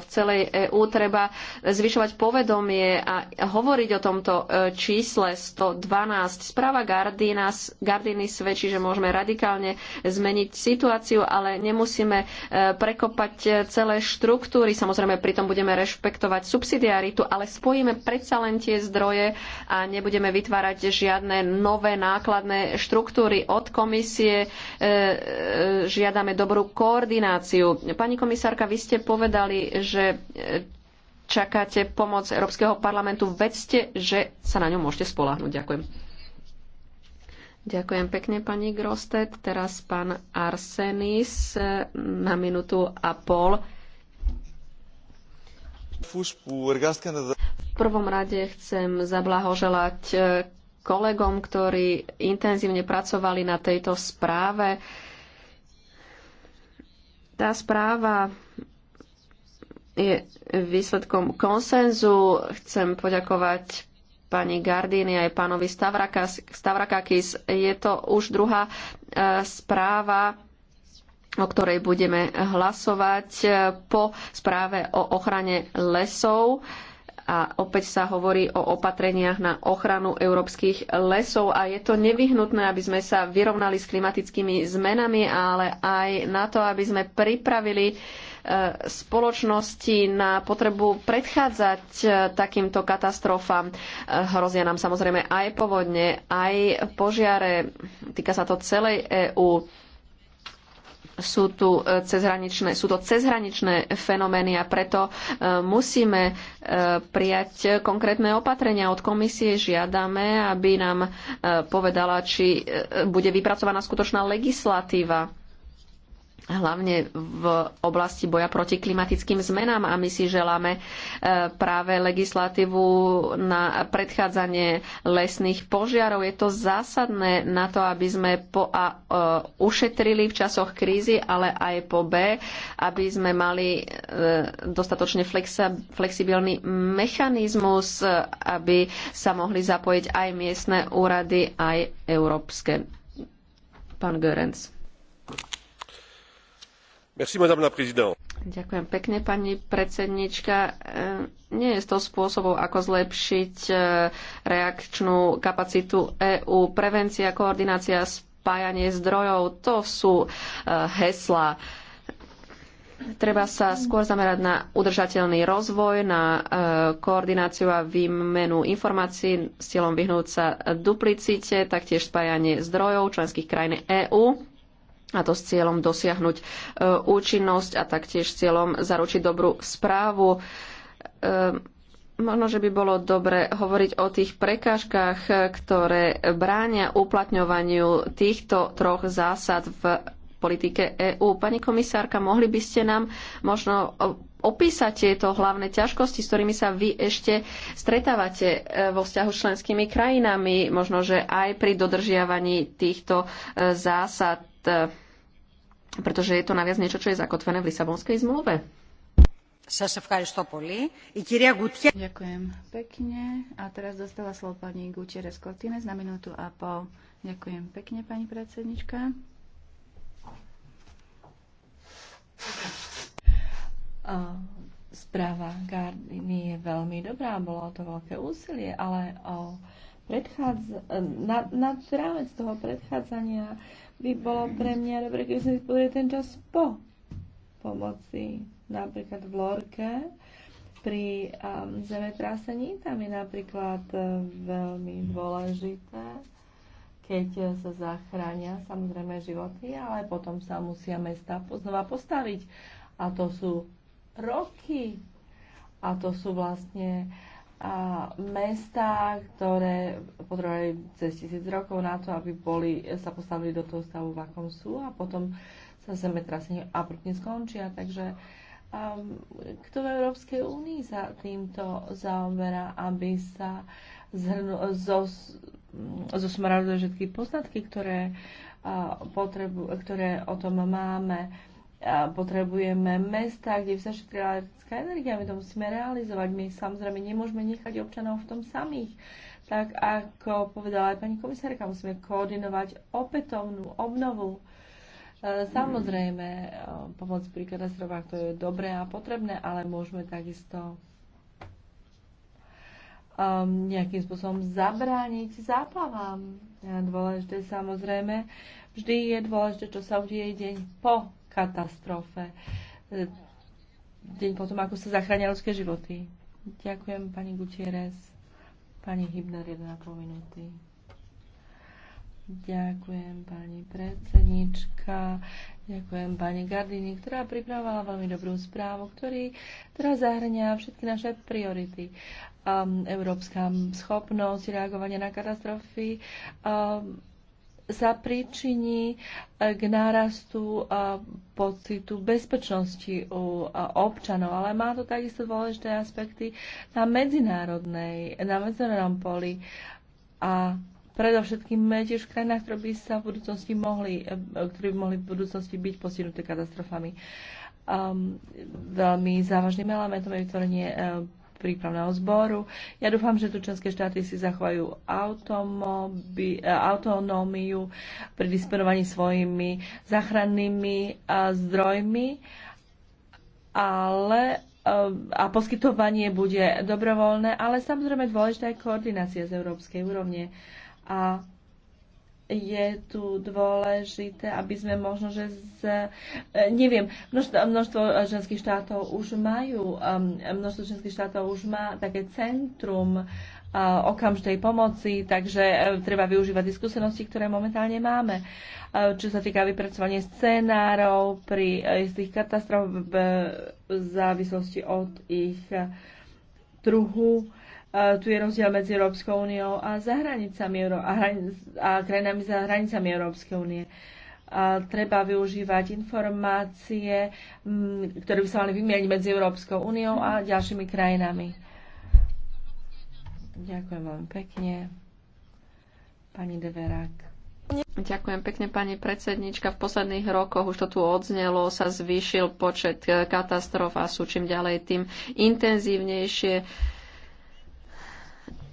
v celej EÚ. Treba zvyšovať povedomie a hovoriť o tomto e, čísle 112. Správa Gardina, Gardiny svedčí, že môžeme radikálne zmeniť situáciu, ale nemusíme e, prekopať celé štruktúry. Samozrejme, pritom budeme rešpektovať subsidiaritu, ale spojíme predsa len tie zdroje a nebudeme vytvárať žiadne nové nákladné štruktúry od komisie. Žiadame dobrú koordináciu. Pani komisárka, vy ste povedali, že e, čakáte pomoc Európskeho parlamentu. Vedzte, že sa na ňu môžete spolahnuť. Ďakujem. Ďakujem pekne, pani Grosted. Teraz pán Arsenis e, na minútu a pol. V prvom rade chcem zablahoželať e, kolegom, ktorí intenzívne pracovali na tejto správe. Tá správa je výsledkom konsenzu. Chcem poďakovať pani Gardini aj pánovi Stavrakakis. Je to už druhá e, správa, o ktorej budeme hlasovať e, po správe o ochrane lesov a opäť sa hovorí o opatreniach na ochranu európskych lesov a je to nevyhnutné, aby sme sa vyrovnali s klimatickými zmenami, ale aj na to, aby sme pripravili e, spoločnosti na potrebu predchádzať e, takýmto katastrofám. E, hrozia nám samozrejme aj povodne, aj požiare. Týka sa to celej EÚ sú, tu e, cezhraničné, sú to cezhraničné fenomény a preto e, musíme e, prijať konkrétne opatrenia. Od komisie žiadame, aby nám povedala, či bude vypracovaná skutočná legislatíva hlavne v oblasti boja proti klimatickým zmenám a my si želáme e, práve legislatívu na predchádzanie lesných požiarov. Je to zásadné na to, aby sme po A e, ušetrili v časoch krízy, ale aj po B, aby sme mali e, dostatočne flexibilný mechanizmus, aby sa mohli zapojiť aj miestne úrady, aj európske. Pán Görens. Ďakujem pekne, pani predsednička. E, nie je to spôsobom, ako zlepšiť e, reakčnú kapacitu EÚ. Prevencia, koordinácia, spájanie zdrojov, to sú e, hesla. Treba sa skôr zamerať na udržateľný rozvoj, na koordináciu a výmenu informácií s cieľom vyhnúť sa duplicite, taktiež spájanie zdrojov členských krajín EÚ a to s cieľom dosiahnuť e, účinnosť a taktiež s cieľom zaručiť dobrú správu. E, možno, že by bolo dobre hovoriť o tých prekážkach, ktoré bránia uplatňovaniu týchto troch zásad v politike EÚ. Pani komisárka, mohli by ste nám možno opísať tieto hlavné ťažkosti, s ktorými sa vy ešte stretávate e, vo vzťahu s členskými krajinami, možno, že aj pri dodržiavaní týchto zásad E, pretože je to naviac niečo, čo je zakotvené v Lisabonskej zmluve. Ďakujem pekne. A teraz dostala slovo pani Gutierrez Cortines na minútu a pol. Ďakujem pekne, pani predsednička. Správa Gardiny je veľmi dobrá, bolo to veľké úsilie, ale o predchádza, na, nad rámec toho predchádzania by bolo pre mňa dobre, keby sme spojili ten čas po pomoci. Napríklad v Lorke pri um, zemetrasení tam je napríklad um, veľmi dôležité, keď sa zachránia samozrejme životy, ale potom sa musia mesta znova postaviť. A to sú roky. A to sú vlastne uh, a mesta, ktoré potrebovali cez tisíc rokov na to, aby boli, sa postavili do toho stavu, v akom sú a potom sa zemetrasenie abruptne skončia. Takže um, kto v Európskej únii sa týmto zaoberá, aby sa zhrnul, zos, zosmerali všetky poznatky, ktoré, uh, potrebu, ktoré o tom máme potrebujeme mesta, kde sa šetrila elektrická energia. My to musíme realizovať. My samozrejme nemôžeme nechať občanov v tom samých. Tak ako povedala aj pani komisárka, musíme koordinovať opätovnú obnovu. E, samozrejme, e, pomoc pri katastrofách to je dobré a potrebné, ale môžeme takisto um, nejakým spôsobom zabrániť záplavám. Dôležité samozrejme, vždy je dôležité, čo sa udeje deň po katastrofe. E, deň potom, ako sa zachránia ľudské životy. Ďakujem pani Gutierrez, pani Hybner 1,5 minúty. Ďakujem pani predsednička, ďakujem pani Gardini, ktorá pripravovala veľmi dobrú správu, ktorý, ktorá teda zahrňa všetky naše priority. Um, európska schopnosť reagovania na katastrofy, um, zapričiní eh, k nárastu eh, pocitu bezpečnosti u eh, občanov, ale má to takisto dôležité aspekty na, medzinárodnej, na medzinárodnom poli a predovšetkým tiež v krajinách, ktoré by sa v budúcnosti mohli, ktoré by mohli v budúcnosti byť postihnuté katastrofami. Um, veľmi závažným elementom je vytvorenie prípravného zboru. Ja dúfam, že tu členské štáty si zachovajú e, autonómiu pri disponovaní svojimi záchrannými e, zdrojmi, ale e, a poskytovanie bude dobrovoľné, ale samozrejme dôležitá je koordinácia z európskej úrovne. A je tu dôležité, aby sme možno, že z, e, neviem, množstvo, množstvo ženských štátov už majú, um, množstvo ženských štátov už má také centrum uh, okamžitej pomoci, takže e, treba využívať skúsenosti, ktoré momentálne máme. E, čo sa týka vypracovania scenárov pri istých katastrof v závislosti od ich druhu, E, tu je rozdiel medzi Európskou úniou a, za hranicami Euró- a, hran- a krajinami za hranicami Európskej únie. A e, treba využívať informácie, m, ktoré by sa mali vymieniť medzi Európskou úniou a ďalšími krajinami. Ďakujem veľmi pekne. Pani Deverák. Ďakujem pekne, pani predsednička. V posledných rokoch, už to tu odznelo, sa zvýšil počet e, katastrof a sú čím ďalej tým intenzívnejšie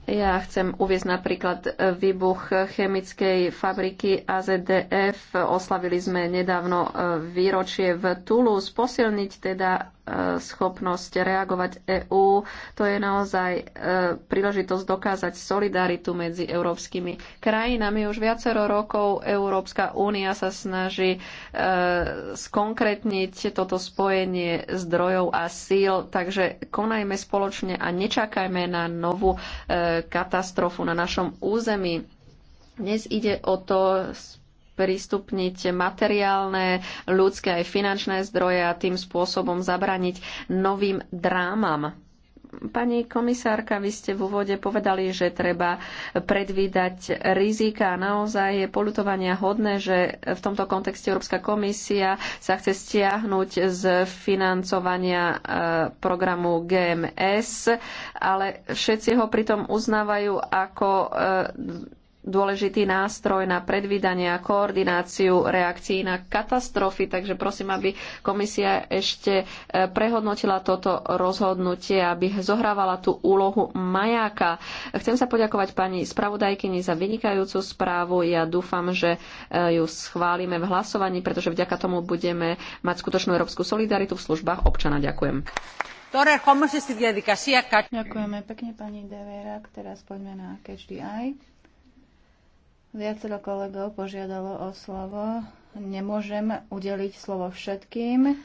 ja chcem uviezť napríklad e, výbuch chemickej fabriky AZDF. Oslavili sme nedávno e, výročie v Tulu. Sposilniť teda schopnosť reagovať EÚ. To je naozaj e, príležitosť dokázať solidaritu medzi európskymi krajinami. Už viacero rokov Európska únia sa snaží e, skonkretniť toto spojenie zdrojov a síl, takže konajme spoločne a nečakajme na novú e, katastrofu na našom území. Dnes ide o to sprístupniť materiálne, ľudské aj finančné zdroje a tým spôsobom zabraniť novým drámam. Pani komisárka, vy ste v úvode povedali, že treba predvídať rizika. a Naozaj je polutovania hodné, že v tomto kontexte Európska komisia sa chce stiahnuť z financovania e, programu GMS, ale všetci ho pritom uznávajú ako e, dôležitý nástroj na predvídanie a koordináciu reakcií na katastrofy, takže prosím, aby komisia ešte e, prehodnotila toto rozhodnutie, aby zohrávala tú úlohu majáka. Chcem sa poďakovať pani spravodajkyni za vynikajúcu správu. Ja dúfam, že e, ju schválime v hlasovaní, pretože vďaka tomu budeme mať skutočnú európsku solidaritu v službách občana. Ďakujem. Ďakujeme pekne, pani Deverak. na Viacero kolegov požiadalo o slovo. Nemôžem udeliť slovo všetkým.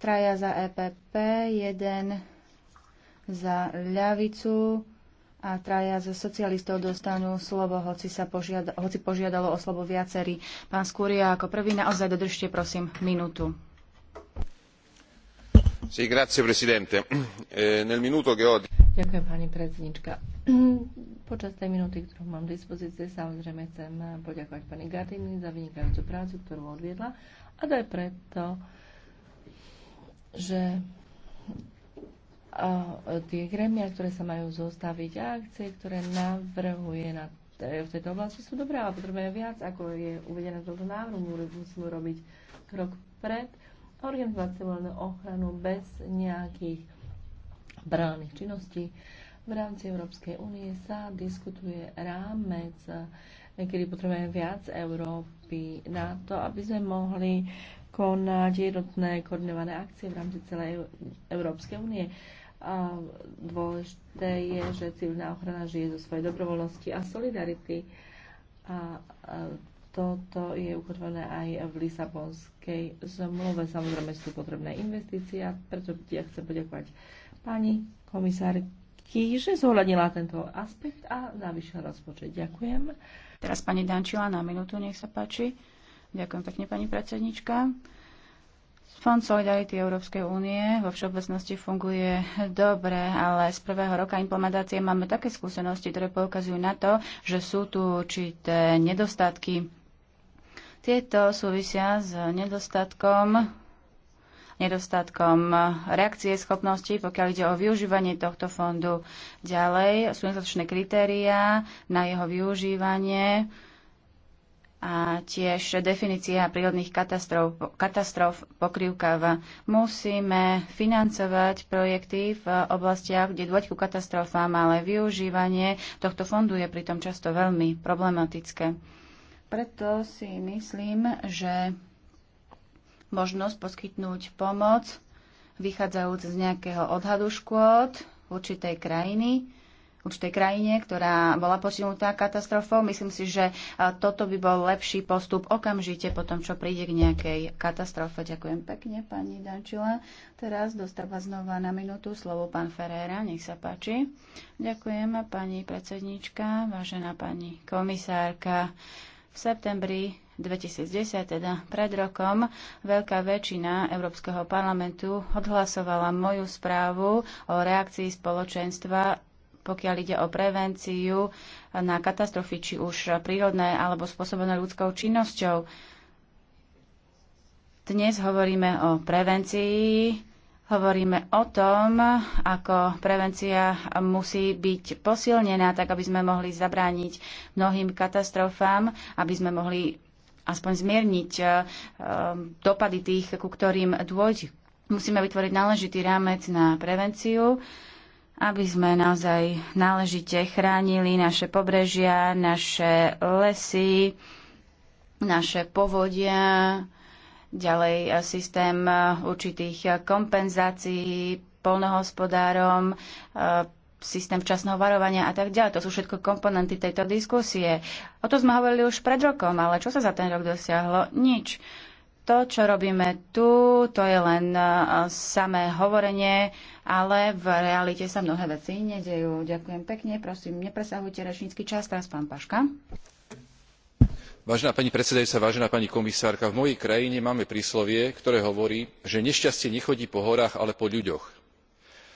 Traja za EPP, jeden za ľavicu a traja za socialistov dostanú slovo, hoci, sa požiada, hoci požiadalo o slovo viacerí. Pán Skúria, ako prvý naozaj dodržte prosím minútu. Sí, grazie, eh, minuto, ho... Ďakujem, pani predsednička. Počas tej minúty, ktorú mám v dispozícii, samozrejme chcem poďakovať pani Gardini za vynikajúcu prácu, ktorú odviedla. A to je preto, že tie gremia, ktoré sa majú zostaviť a akcie, ktoré navrhuje na, v tejto oblasti sú dobré, ale potrebujeme viac, ako je uvedené v tomto návrhu. Musíme robiť krok pred organizovať civilnú ochranu bez nejakých právnych činností v rámci Európskej únie sa diskutuje rámec, kedy potrebujeme viac Európy na to, aby sme mohli konať jednotné koordinované akcie v rámci celej Európskej únie. A dôležité je, že civilná ochrana žije zo svojej dobrovoľnosti a solidarity. A, toto je ukotvené aj v Lisabonskej zmluve. Samozrejme sú potrebné investície a preto ja chcem poďakovať pani komisárky, že zohľadnila tento aspekt a navýšila rozpočet. Ďakujem. Teraz pani Dančila na minútu, nech sa páči. Ďakujem pekne, pani predsednička. Fond Solidarity Európskej únie vo všeobecnosti funguje dobre, ale z prvého roka implementácie máme také skúsenosti, ktoré poukazujú na to, že sú tu určité nedostatky. Tieto súvisia s nedostatkom nedostatkom reakcie schopnosti, pokiaľ ide o využívanie tohto fondu. Ďalej sú nedostatočné kritériá na jeho využívanie a tiež definícia prírodných katastrof, katastrof pokrývkava. Musíme financovať projekty v oblastiach, kde dôjde ku katastrofám, ale využívanie tohto fondu je pritom často veľmi problematické. Preto si myslím, že možnosť poskytnúť pomoc vychádzajúc z nejakého odhadu škôd určitej krajiny, určitej krajine, ktorá bola postihnutá katastrofou. Myslím si, že toto by bol lepší postup okamžite po tom, čo príde k nejakej katastrofe. Ďakujem pekne, pani Dančila. Teraz dostáva znova na minútu slovo pán Ferreira. Nech sa páči. Ďakujem, pani predsednička, vážená pani komisárka. V septembri 2010, teda pred rokom, veľká väčšina Európskeho parlamentu odhlasovala moju správu o reakcii spoločenstva pokiaľ ide o prevenciu na katastrofy, či už prírodné alebo spôsobené ľudskou činnosťou. Dnes hovoríme o prevencii, Hovoríme o tom, ako prevencia musí byť posilnená, tak aby sme mohli zabrániť mnohým katastrofám, aby sme mohli aspoň zmierniť e, e, dopady tých, ku ktorým dôjde. Musíme vytvoriť náležitý rámec na prevenciu, aby sme naozaj náležite chránili naše pobrežia, naše lesy, naše povodia, ďalej e, systém určitých kompenzácií polnohospodárom, systém včasného varovania a tak ďalej. To sú všetko komponenty tejto diskusie. O to sme hovorili už pred rokom, ale čo sa za ten rok dosiahlo? Nič. To, čo robíme tu, to je len e, samé hovorenie, ale v realite sa mnohé veci nedejú. Ďakujem pekne, prosím, nepresahujte rečnícky čas. Teraz pán Paška. Vážená pani predsedajúca, vážená pani komisárka, v mojej krajine máme príslovie, ktoré hovorí, že nešťastie nechodí po horách, ale po ľuďoch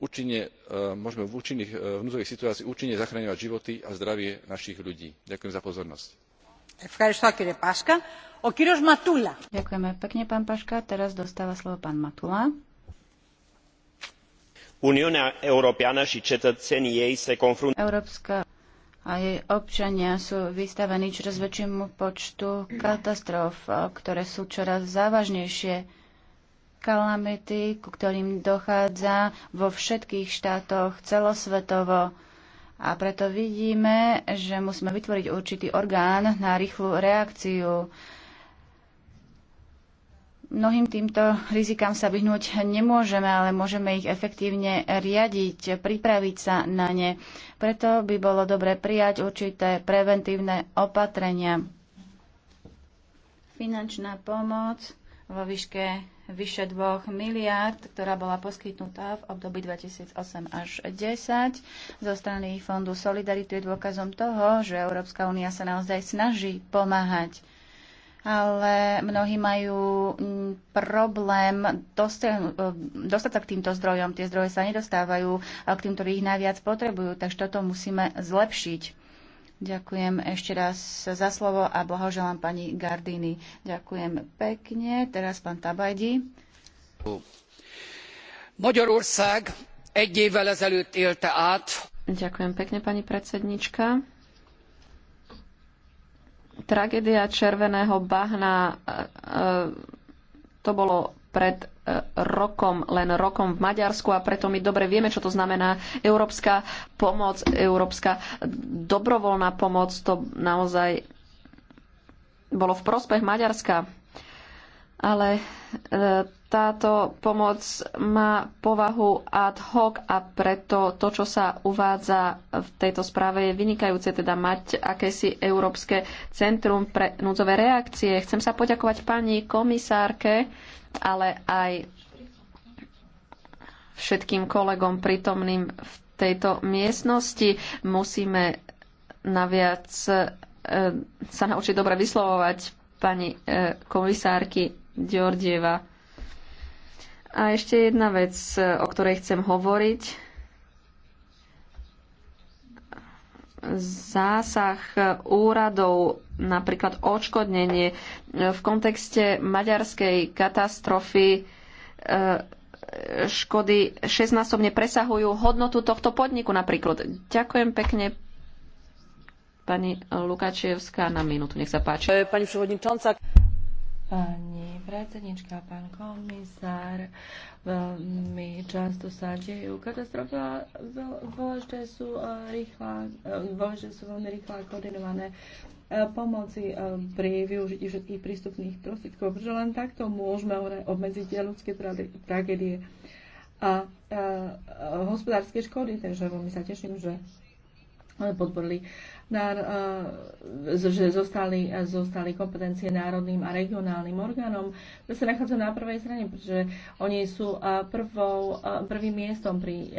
E, môžeme e, v núdzových situáciách účinne zachraňovať životy a zdravie našich ľudí. ďakujem za pozornosť. Ďakujeme pekne, pán Paška. Teraz dostáva slovo Európska a jej občania sú vystavení čoraz väčšiemu počtu katastrof, e, ktoré sú čoraz závažnejšie kalamity, ku ktorým dochádza vo všetkých štátoch celosvetovo. A preto vidíme, že musíme vytvoriť určitý orgán na rýchlu reakciu. Mnohým týmto rizikám sa vyhnúť nemôžeme, ale môžeme ich efektívne riadiť, pripraviť sa na ne. Preto by bolo dobre prijať určité preventívne opatrenia. Finančná pomoc vo výške vyše 2 miliard, ktorá bola poskytnutá v období 2008 až 2010 zo strany Fondu Solidarity je dôkazom toho, že Európska únia sa naozaj snaží pomáhať ale mnohí majú mm, problém dostať sa k týmto zdrojom. Tie zdroje sa nedostávajú k tým, ktorí ich najviac potrebujú, takže toto musíme zlepšiť. Ďakujem ešte raz za slovo a blahoželám pani Gardini. Ďakujem pekne. Teraz pán Tabajdi. Magyarország egy évvel ezelőtt élte át. Ďakujem pekne, pani predsednička. Tragédia červeného bahna, e, e, to bolo pred rokom, len rokom v Maďarsku a preto my dobre vieme, čo to znamená európska pomoc, európska dobrovoľná pomoc. To naozaj bolo v prospech Maďarska ale e, táto pomoc má povahu ad hoc a preto to, čo sa uvádza v tejto správe, je vynikajúce, teda mať akési Európske centrum pre núdzové reakcie. Chcem sa poďakovať pani komisárke, ale aj všetkým kolegom prítomným v tejto miestnosti. Musíme naviac e, sa naučiť dobre vyslovovať pani e, komisárky Georgieva. A ešte jedna vec, o ktorej chcem hovoriť. Zásah úradov, napríklad odškodnenie v kontexte maďarskej katastrofy e, škody 16-násobne presahujú hodnotu tohto podniku napríklad. Ďakujem pekne pani Lukačievská na minútu. Nech sa páči. E, pani Pani predsednička, pán komisár, veľmi často sa dejú katastrofy a dôležité sú, e, rýchla, e, dôležité sú veľmi rýchle a koordinované e, pomoci pri využití všetkých prístupných prostriedkov, pretože len takto môžeme obmedziť ľudské tragédie a, a, a hospodárske škody. Takže veľmi sa teším, že No, podporili eh, že zostali, eh, zostali kompetencie národným a regionálnym orgánom, ktoré sa nachádzajú na prvej strane, pretože oni sú eh, prvou, prvým miestom pri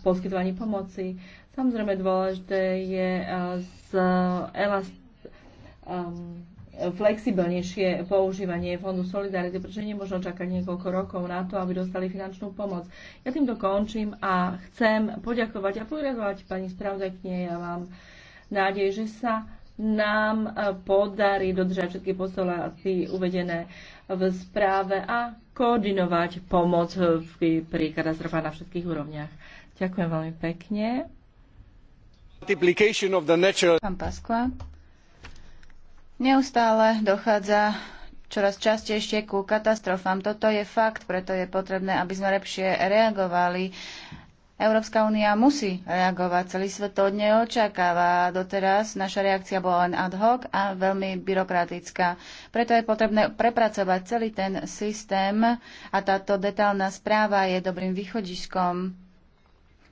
poskytovaní pomoci. Samozrejme dôležité je z elast, um, ehm, flexibilnejšie používanie Fondu Solidarity, pretože nemôžno čakať niekoľko rokov na to, aby dostali finančnú pomoc. Ja týmto končím a chcem poďakovať a poďakovať pani spravodajkne. Ja vám nádej, že sa nám eh, podarí dodržať všetky postoláty uvedené v správe a koordinovať pomoc pri katastrofách na všetkých úrovniach. Ďakujem veľmi pekne. Pán Paskva. Neustále dochádza čoraz častejšie ku katastrofám. Toto je fakt, preto je potrebné, aby sme lepšie reagovali. Európska únia musí reagovať, celý svet to od nej očakáva. Doteraz naša reakcia bola len ad hoc a veľmi byrokratická. Preto je potrebné prepracovať celý ten systém a táto detálna správa je dobrým východiskom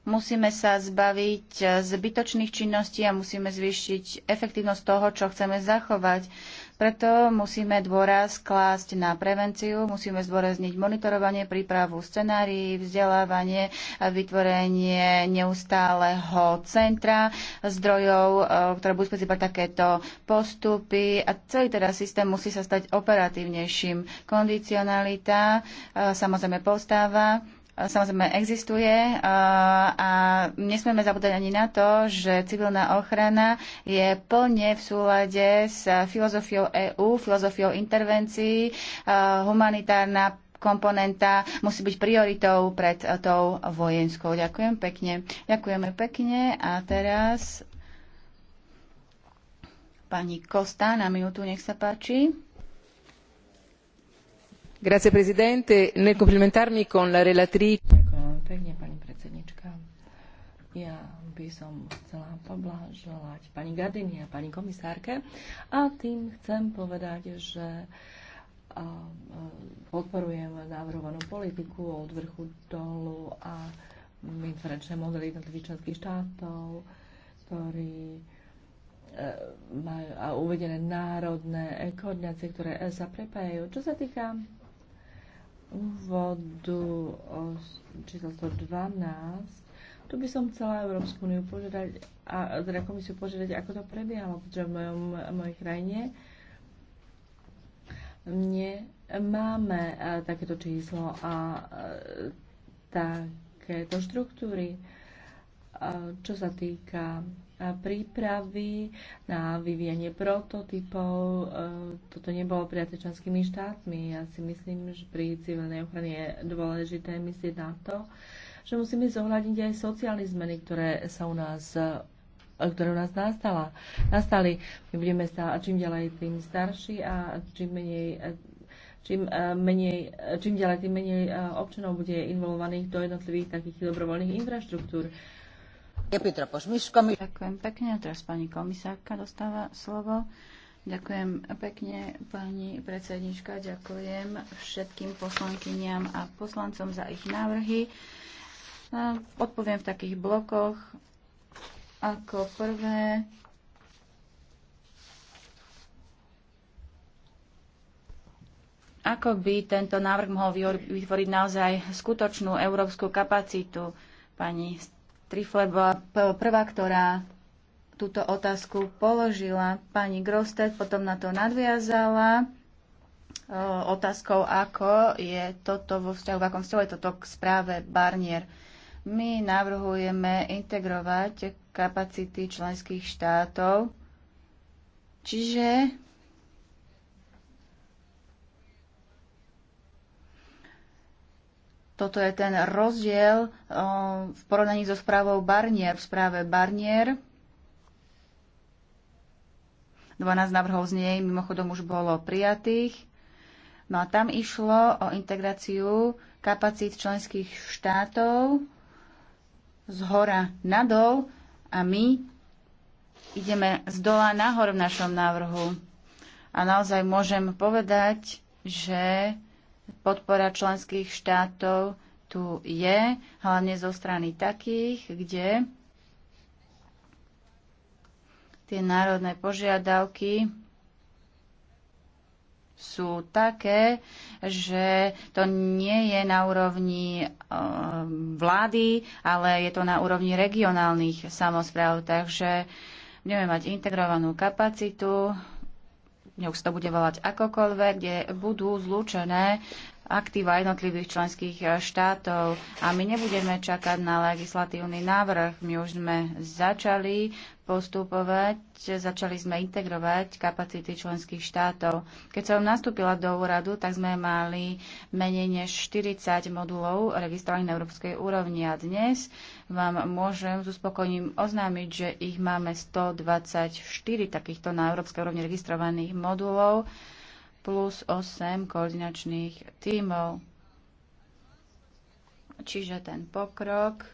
Musíme sa zbaviť eh, zbytočných činností a musíme zvýšiť efektívnosť toho, čo chceme zachovať. Preto musíme dôraz klásť na prevenciu, musíme zdôrazniť monitorovanie, prípravu scenárií, vzdelávanie, vytvorenie neustáleho centra zdrojov, eh, ktoré budú spôsobať takéto postupy a celý teda systém musí sa stať operatívnejším. Kondicionalita eh, samozrejme postáva samozrejme existuje a nesmieme zabúdať ani na to, že civilná ochrana je plne v súlade s filozofiou EÚ, filozofiou intervencií, humanitárna komponenta musí byť prioritou pred tou vojenskou. Ďakujem pekne. Ďakujeme pekne a teraz pani Kosta na minútu, nech sa páči nel complimentarmi con la relatrice. Ďakujem pekne, pani predsednička. Ja by som chcela poblaželať pani Gardini a pani komisárke a tým chcem povedať, že podporujem navrhovanú politiku od vrchu dolu a intervenčné modely jednotlivých členských štátov, ktorí e, majú uvedené národné koordinácie, ktoré sa prepájajú. Čo sa týka úvodu číslo 112, tu by som chcela Európsku úniu požiadať, a teda komisiu požiadať, ako to prebiehalo, pretože v mojom, mojej krajine nemáme e, takéto číslo a e, takéto štruktúry, e, čo sa týka prípravy, na vyvíjanie prototypov. E, toto nebolo prijaté členskými štátmi. Ja si myslím, že pri civilnej ochrane je dôležité myslieť na to, že musíme zohľadniť aj sociálne zmeny, ktoré sa u nás e, ktoré u nás nastala, nastali. My budeme sa čím ďalej tým starší a čím menej e, čím, menej, čím ďalej, tým menej občanov bude involovaných do jednotlivých takých dobrovoľných infraštruktúr. Ďakujem pekne. teraz pani komisárka dostáva slovo. Ďakujem pekne, pani predsednička. Ďakujem všetkým poslankyniam a poslancom za ich návrhy. Odpoviem v takých blokoch. Ako prvé ako by tento návrh mohol vytvoriť naozaj skutočnú európsku kapacitu. Pani Trifle bola prvá, ktorá túto otázku položila pani Grosted, potom na to nadviazala e, otázkou, ako je toto vo vzťahu, v akom vzťahu je toto k správe Barnier. My navrhujeme integrovať kapacity členských štátov, čiže Toto je ten rozdiel v porovnaní so správou Barnier. V správe Barnier 12 návrhov z nej mimochodom už bolo prijatých. No a tam išlo o integráciu kapacít členských štátov z hora nadol a my ideme z dola nahor v našom návrhu. A naozaj môžem povedať, že Podpora členských štátov tu je, hlavne zo strany takých, kde tie národné požiadavky sú také, že to nie je na úrovni ehm, vlády, ale je to na úrovni regionálnych samozpráv. Takže budeme mať integrovanú kapacitu, nech sa to bude volať akokoľvek, kde budú zlúčené aktíva jednotlivých členských eh, štátov. A my nebudeme čakať na legislatívny návrh. My už sme začali postupovať, začali sme integrovať kapacity členských štátov. Keď som nastúpila do úradu, tak sme mali menej než 40 modulov registrovaných na európskej úrovni a dnes vám môžem s uspokojením oznámiť, že ich máme 124 takýchto na európskej úrovni registrovaných modulov plus 8 koordinačných tímov. Čiže ten pokrok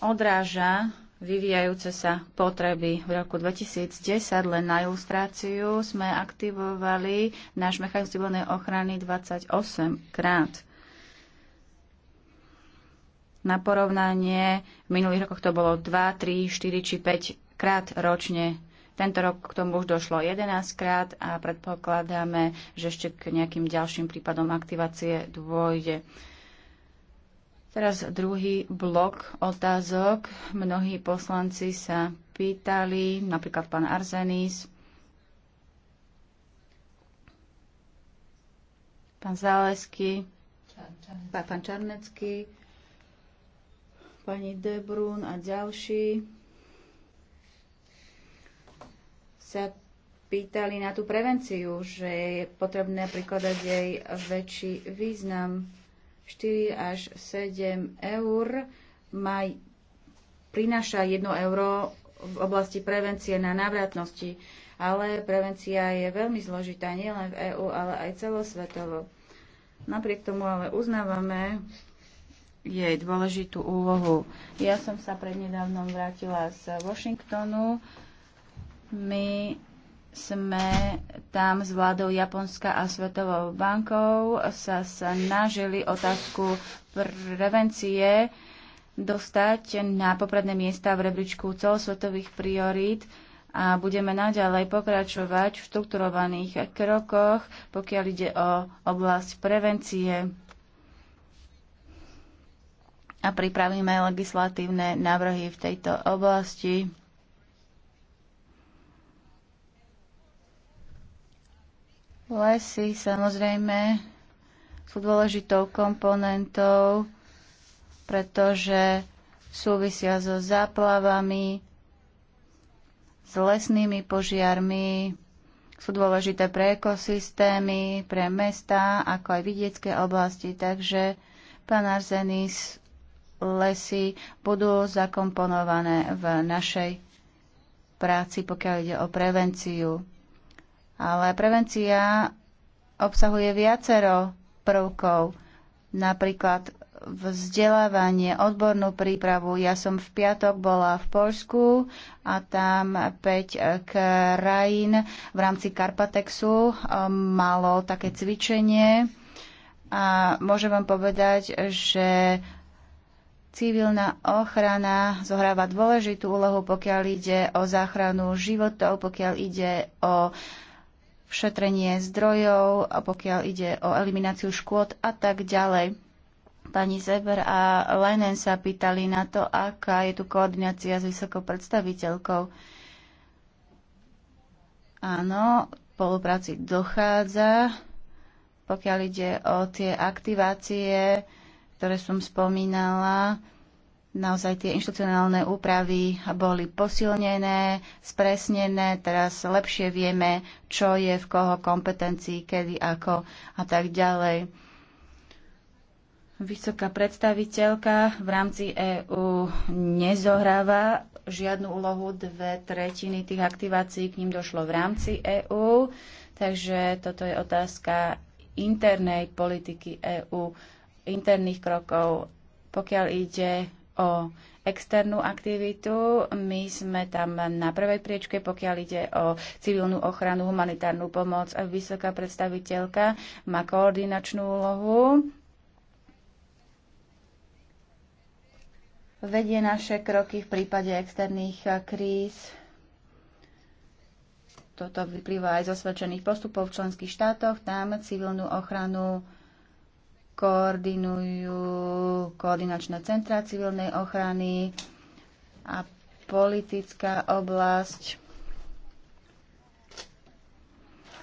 odráža vyvíjajúce sa potreby. V roku 2010 len na ilustráciu sme aktivovali náš mechanizmus civilnej ochrany 28 krát. Na porovnanie v minulých rokoch to bolo 2, 3, 4 či 5 krát ročne tento rok k tomu už došlo 11 krát a predpokladáme, že ešte k nejakým ďalším prípadom aktivácie dôjde. Teraz druhý blok otázok. Mnohí poslanci sa pýtali, napríklad pán Arzenis, pán Zálesky, pán Čarnecký, pani Debrun a ďalší sa pýtali na tú prevenciu, že je potrebné prikladať jej väčší význam. 4 až 7 eur maj, prináša 1 euro v oblasti prevencie na návratnosti, ale prevencia je veľmi zložitá nielen v EÚ, ale aj celosvetovo. Napriek tomu ale uznávame jej dôležitú úlohu. Ja som sa prednedávnom vrátila z Washingtonu, my sme tam s vládou Japonska a Svetovou bankou sa snažili otázku prevencie dostať na popredné miesta v rebríčku celosvetových priorít a budeme naďalej pokračovať v štrukturovaných krokoch, pokiaľ ide o oblasť prevencie a pripravíme legislatívne návrhy v tejto oblasti. Lesy samozrejme sú dôležitou komponentou, pretože súvisia so záplavami, s lesnými požiarmi, sú dôležité pre ekosystémy, pre mesta, ako aj vidiecké oblasti. Takže, pán Arzenis, lesy budú zakomponované v našej práci, pokiaľ ide o prevenciu. Ale prevencia obsahuje viacero prvkov, napríklad vzdelávanie, odbornú prípravu. Ja som v piatok bola v Polsku a tam 5 krajín v rámci Karpatexu um, malo také cvičenie a môžem vám povedať, že Civilná ochrana zohráva dôležitú úlohu, pokiaľ ide o záchranu životov, pokiaľ ide o uh, šetrenie zdrojov, pokiaľ ide o elimináciu škôd a tak ďalej. Pani Zeber a Lenen sa pýtali na to, aká je tu koordinácia s vysokou predstaviteľkou. Áno, spolupráci dochádza, pokiaľ ide o tie aktivácie, ktoré som spomínala, naozaj tie inštitucionálne úpravy boli posilnené, spresnené, teraz lepšie vieme, čo je v koho kompetencii, kedy, ako a tak ďalej. Vysoká predstaviteľka v rámci EÚ nezohráva žiadnu úlohu, dve tretiny tých aktivácií k ním došlo v rámci EÚ, takže toto je otázka internej politiky EÚ, interných krokov pokiaľ ide o externú aktivitu. My sme tam na prvej priečke, pokiaľ ide o civilnú ochranu, humanitárnu pomoc. Vysoká predstaviteľka má koordinačnú úlohu. Vedie naše kroky v prípade externých eh, kríz. Toto vyplýva aj zo svedčených postupov v členských štátoch. Tam civilnú ochranu koordinujú koordinačné centra civilnej ochrany a politická oblasť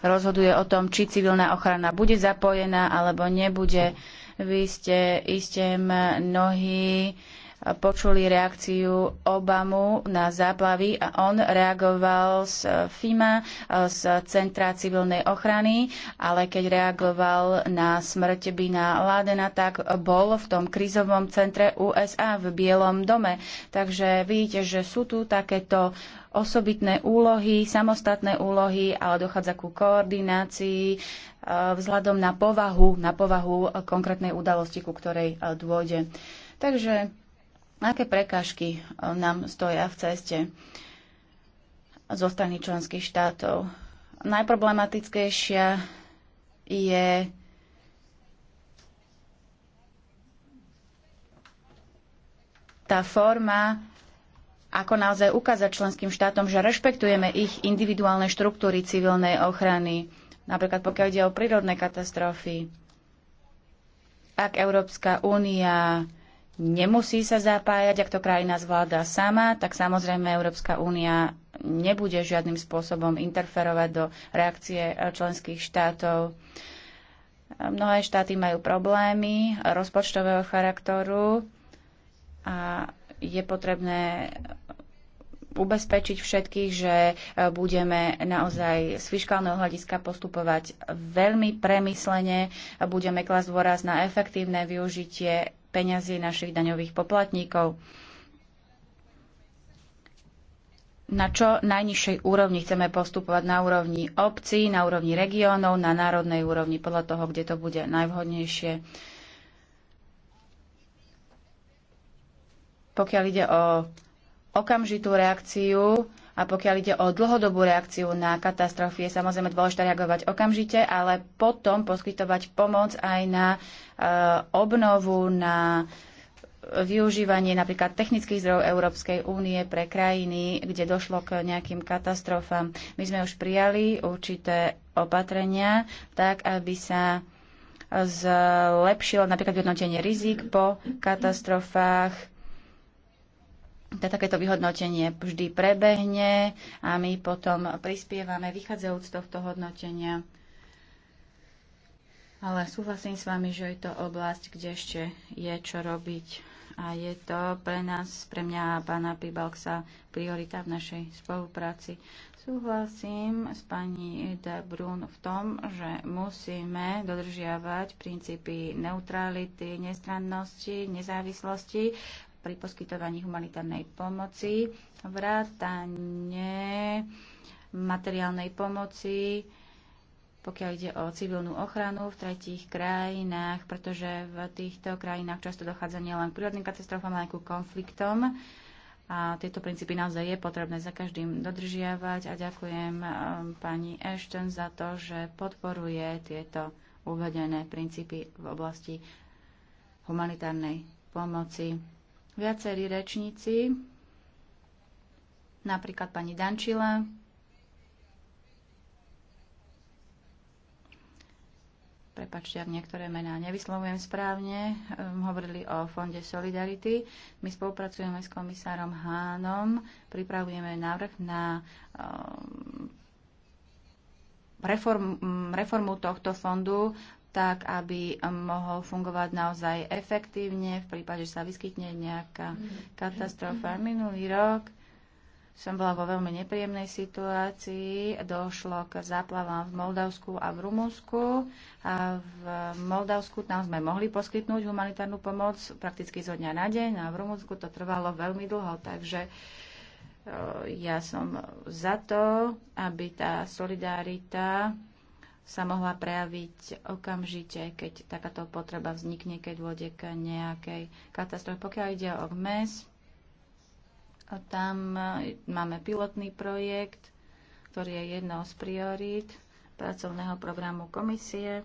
rozhoduje o tom, či civilná ochrana bude zapojená alebo nebude. Vy ste iste mnohí počuli reakciu Obamu na záplavy a on reagoval z FIMA, z Centra civilnej ochrany, ale keď reagoval na smrť Bina Ladena, tak bol v tom krizovom centre USA v Bielom dome. Takže vidíte, že sú tu takéto osobitné úlohy, samostatné úlohy, ale dochádza ku koordinácii e, vzhľadom na povahu, na povahu konkrétnej udalosti, ku ktorej e, dôjde. Takže aké prekážky e, nám stoja v ceste zo strany členských štátov. Najproblematickejšia je tá forma, ako naozaj ukázať členským štátom, že rešpektujeme ich individuálne štruktúry civilnej ochrany, napríklad pokiaľ ide o prírodné katastrofy. Ak Európska únia nemusí sa zapájať, ak to krajina zvláda sama, tak samozrejme Európska únia nebude žiadnym spôsobom interferovať do reakcie členských štátov. Mnohé štáty majú problémy rozpočtového charakteru a je potrebné ubezpečiť všetkých, že budeme naozaj z fiskálneho hľadiska postupovať veľmi premyslene, budeme klasť dôraz na efektívne využitie peňazí našich daňových poplatníkov. Na čo najnižšej úrovni chceme postupovať na úrovni obcí, na úrovni regiónov, na národnej úrovni, podľa toho, kde to bude najvhodnejšie. Pokiaľ ide o okamžitú reakciu, a pokiaľ ide o dlhodobú reakciu na katastrofy, je samozrejme dôležité reagovať okamžite, ale potom poskytovať pomoc aj na Eh, obnovu, na využívanie napríklad technických zdrojov Európskej únie pre krajiny, kde došlo k nejakým katastrofám. My sme už prijali určité opatrenia, tak aby sa zlepšilo napríklad vyhodnotenie rizik po katastrofách. Teda takéto vyhodnotenie vždy prebehne a my potom prispievame vychádzajúc z tohto hodnotenia ale súhlasím s vami, že je to oblasť, kde ešte je čo robiť. A je to pre nás, pre mňa a pána Pibalksa priorita v našej spolupráci. Súhlasím s pani De Brun v tom, že musíme dodržiavať princípy neutrality, nestrannosti, nezávislosti pri poskytovaní humanitárnej pomoci, vrátanie materiálnej pomoci, pokiaľ ide o civilnú ochranu v tretích krajinách, pretože v týchto krajinách často dochádza nielen k prírodným katastrofám, ale aj ku konfliktom. A tieto princípy naozaj je potrebné za každým dodržiavať a ďakujem um, pani Ashton za to, že podporuje tieto uvedené princípy v oblasti humanitárnej pomoci. Viacerí rečníci, napríklad pani Dančila, prepačte, ak niektoré mená nevyslovujem správne, um, hovorili o Fonde Solidarity. My spolupracujeme s komisárom Hánom, pripravujeme návrh na um, reform, mm, reformu tohto fondu tak, aby ehm, mohol fungovať naozaj efektívne v prípade, že sa vyskytne nejaká mhm. katastrofa. Minulý rok som bola vo veľmi nepríjemnej situácii. Došlo k záplavám v Moldavsku a v Rumunsku. A v Moldavsku tam sme mohli poskytnúť humanitárnu pomoc prakticky zo dňa na deň a v Rumunsku to trvalo veľmi dlho. Takže e, ja som za to, aby tá solidarita sa mohla prejaviť okamžite, keď takáto potreba vznikne, keď vôjde k nejakej katastrofe. Pokiaľ ide o mes, tam e, máme pilotný projekt, ktorý je jednou z priorít pracovného programu komisie.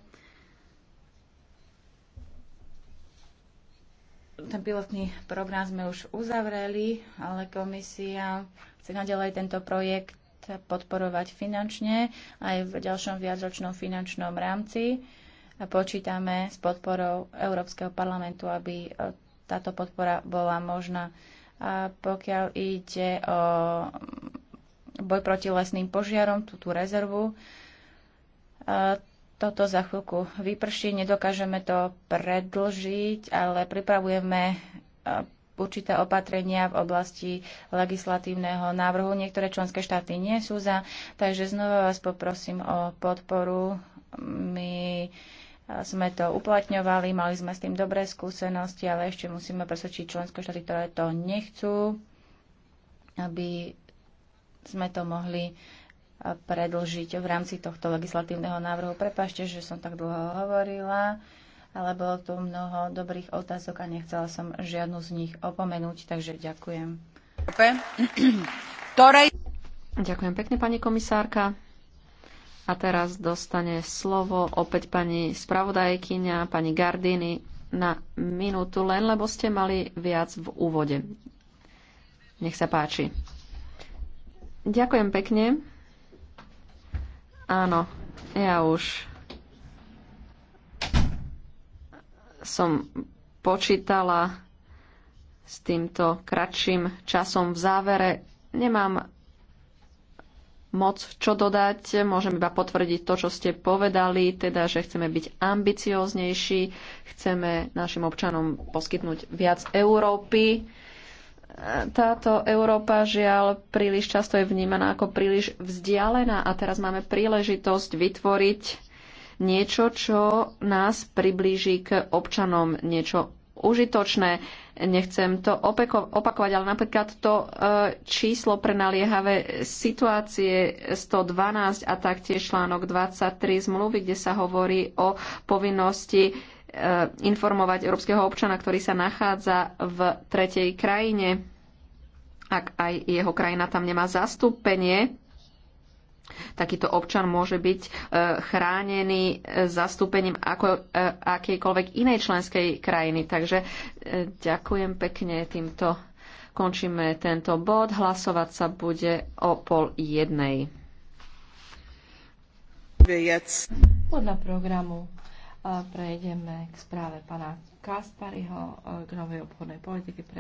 Ten pilotný program sme už uzavreli, ale komisia chce naďalej tento projekt podporovať finančne aj v ďalšom viacročnom finančnom rámci. Počítame s podporou Európskeho parlamentu, aby e, táto podpora bola možná a pokiaľ ide o boj proti lesným požiarom, tú, tú rezervu, toto za chvíľku vyprší, nedokážeme to predlžiť, ale pripravujeme určité opatrenia v oblasti legislatívneho návrhu. Niektoré členské štáty nie sú za, takže znova vás poprosím o podporu. My sme to uplatňovali, mali sme s tým dobré skúsenosti, ale ešte musíme presvedčiť členské štáty, ktoré to nechcú, aby sme to mohli predlžiť v rámci tohto legislatívneho návrhu. Prepašte, že som tak dlho hovorila, ale bolo tu mnoho dobrých otázok a nechcela som žiadnu z nich opomenúť, takže ďakujem. Ďakujem pekne, pani komisárka. A teraz dostane slovo opäť pani spravodajkyňa, pani Gardiny na minútu, len lebo ste mali viac v úvode. Nech sa páči. Ďakujem pekne. Áno, ja už som počítala s týmto kratším časom v závere. Nemám moc čo dodať. Môžem iba potvrdiť to, čo ste povedali, teda, že chceme byť ambicióznejší, chceme našim občanom poskytnúť viac Európy. Táto Európa žiaľ príliš často je vnímaná ako príliš vzdialená a teraz máme príležitosť vytvoriť niečo, čo nás priblíži k občanom, niečo užitočné. Nechcem to opakovať, ale napríklad to e, číslo pre naliehavé situácie 112 a taktiež článok 23 zmluvy, kde sa hovorí o povinnosti e, informovať európskeho občana, ktorý sa nachádza v tretej krajine, ak aj jeho krajina tam nemá zastúpenie Takýto občan môže byť e, chránený e, zastúpením ako, e, akejkoľvek inej členskej krajiny. Takže ďakujem pekne týmto. Končíme tento bod. Hlasovať sa bude o pol jednej. Podľa programu prejdeme k správe pána Kaspariho k novej obchodnej politike.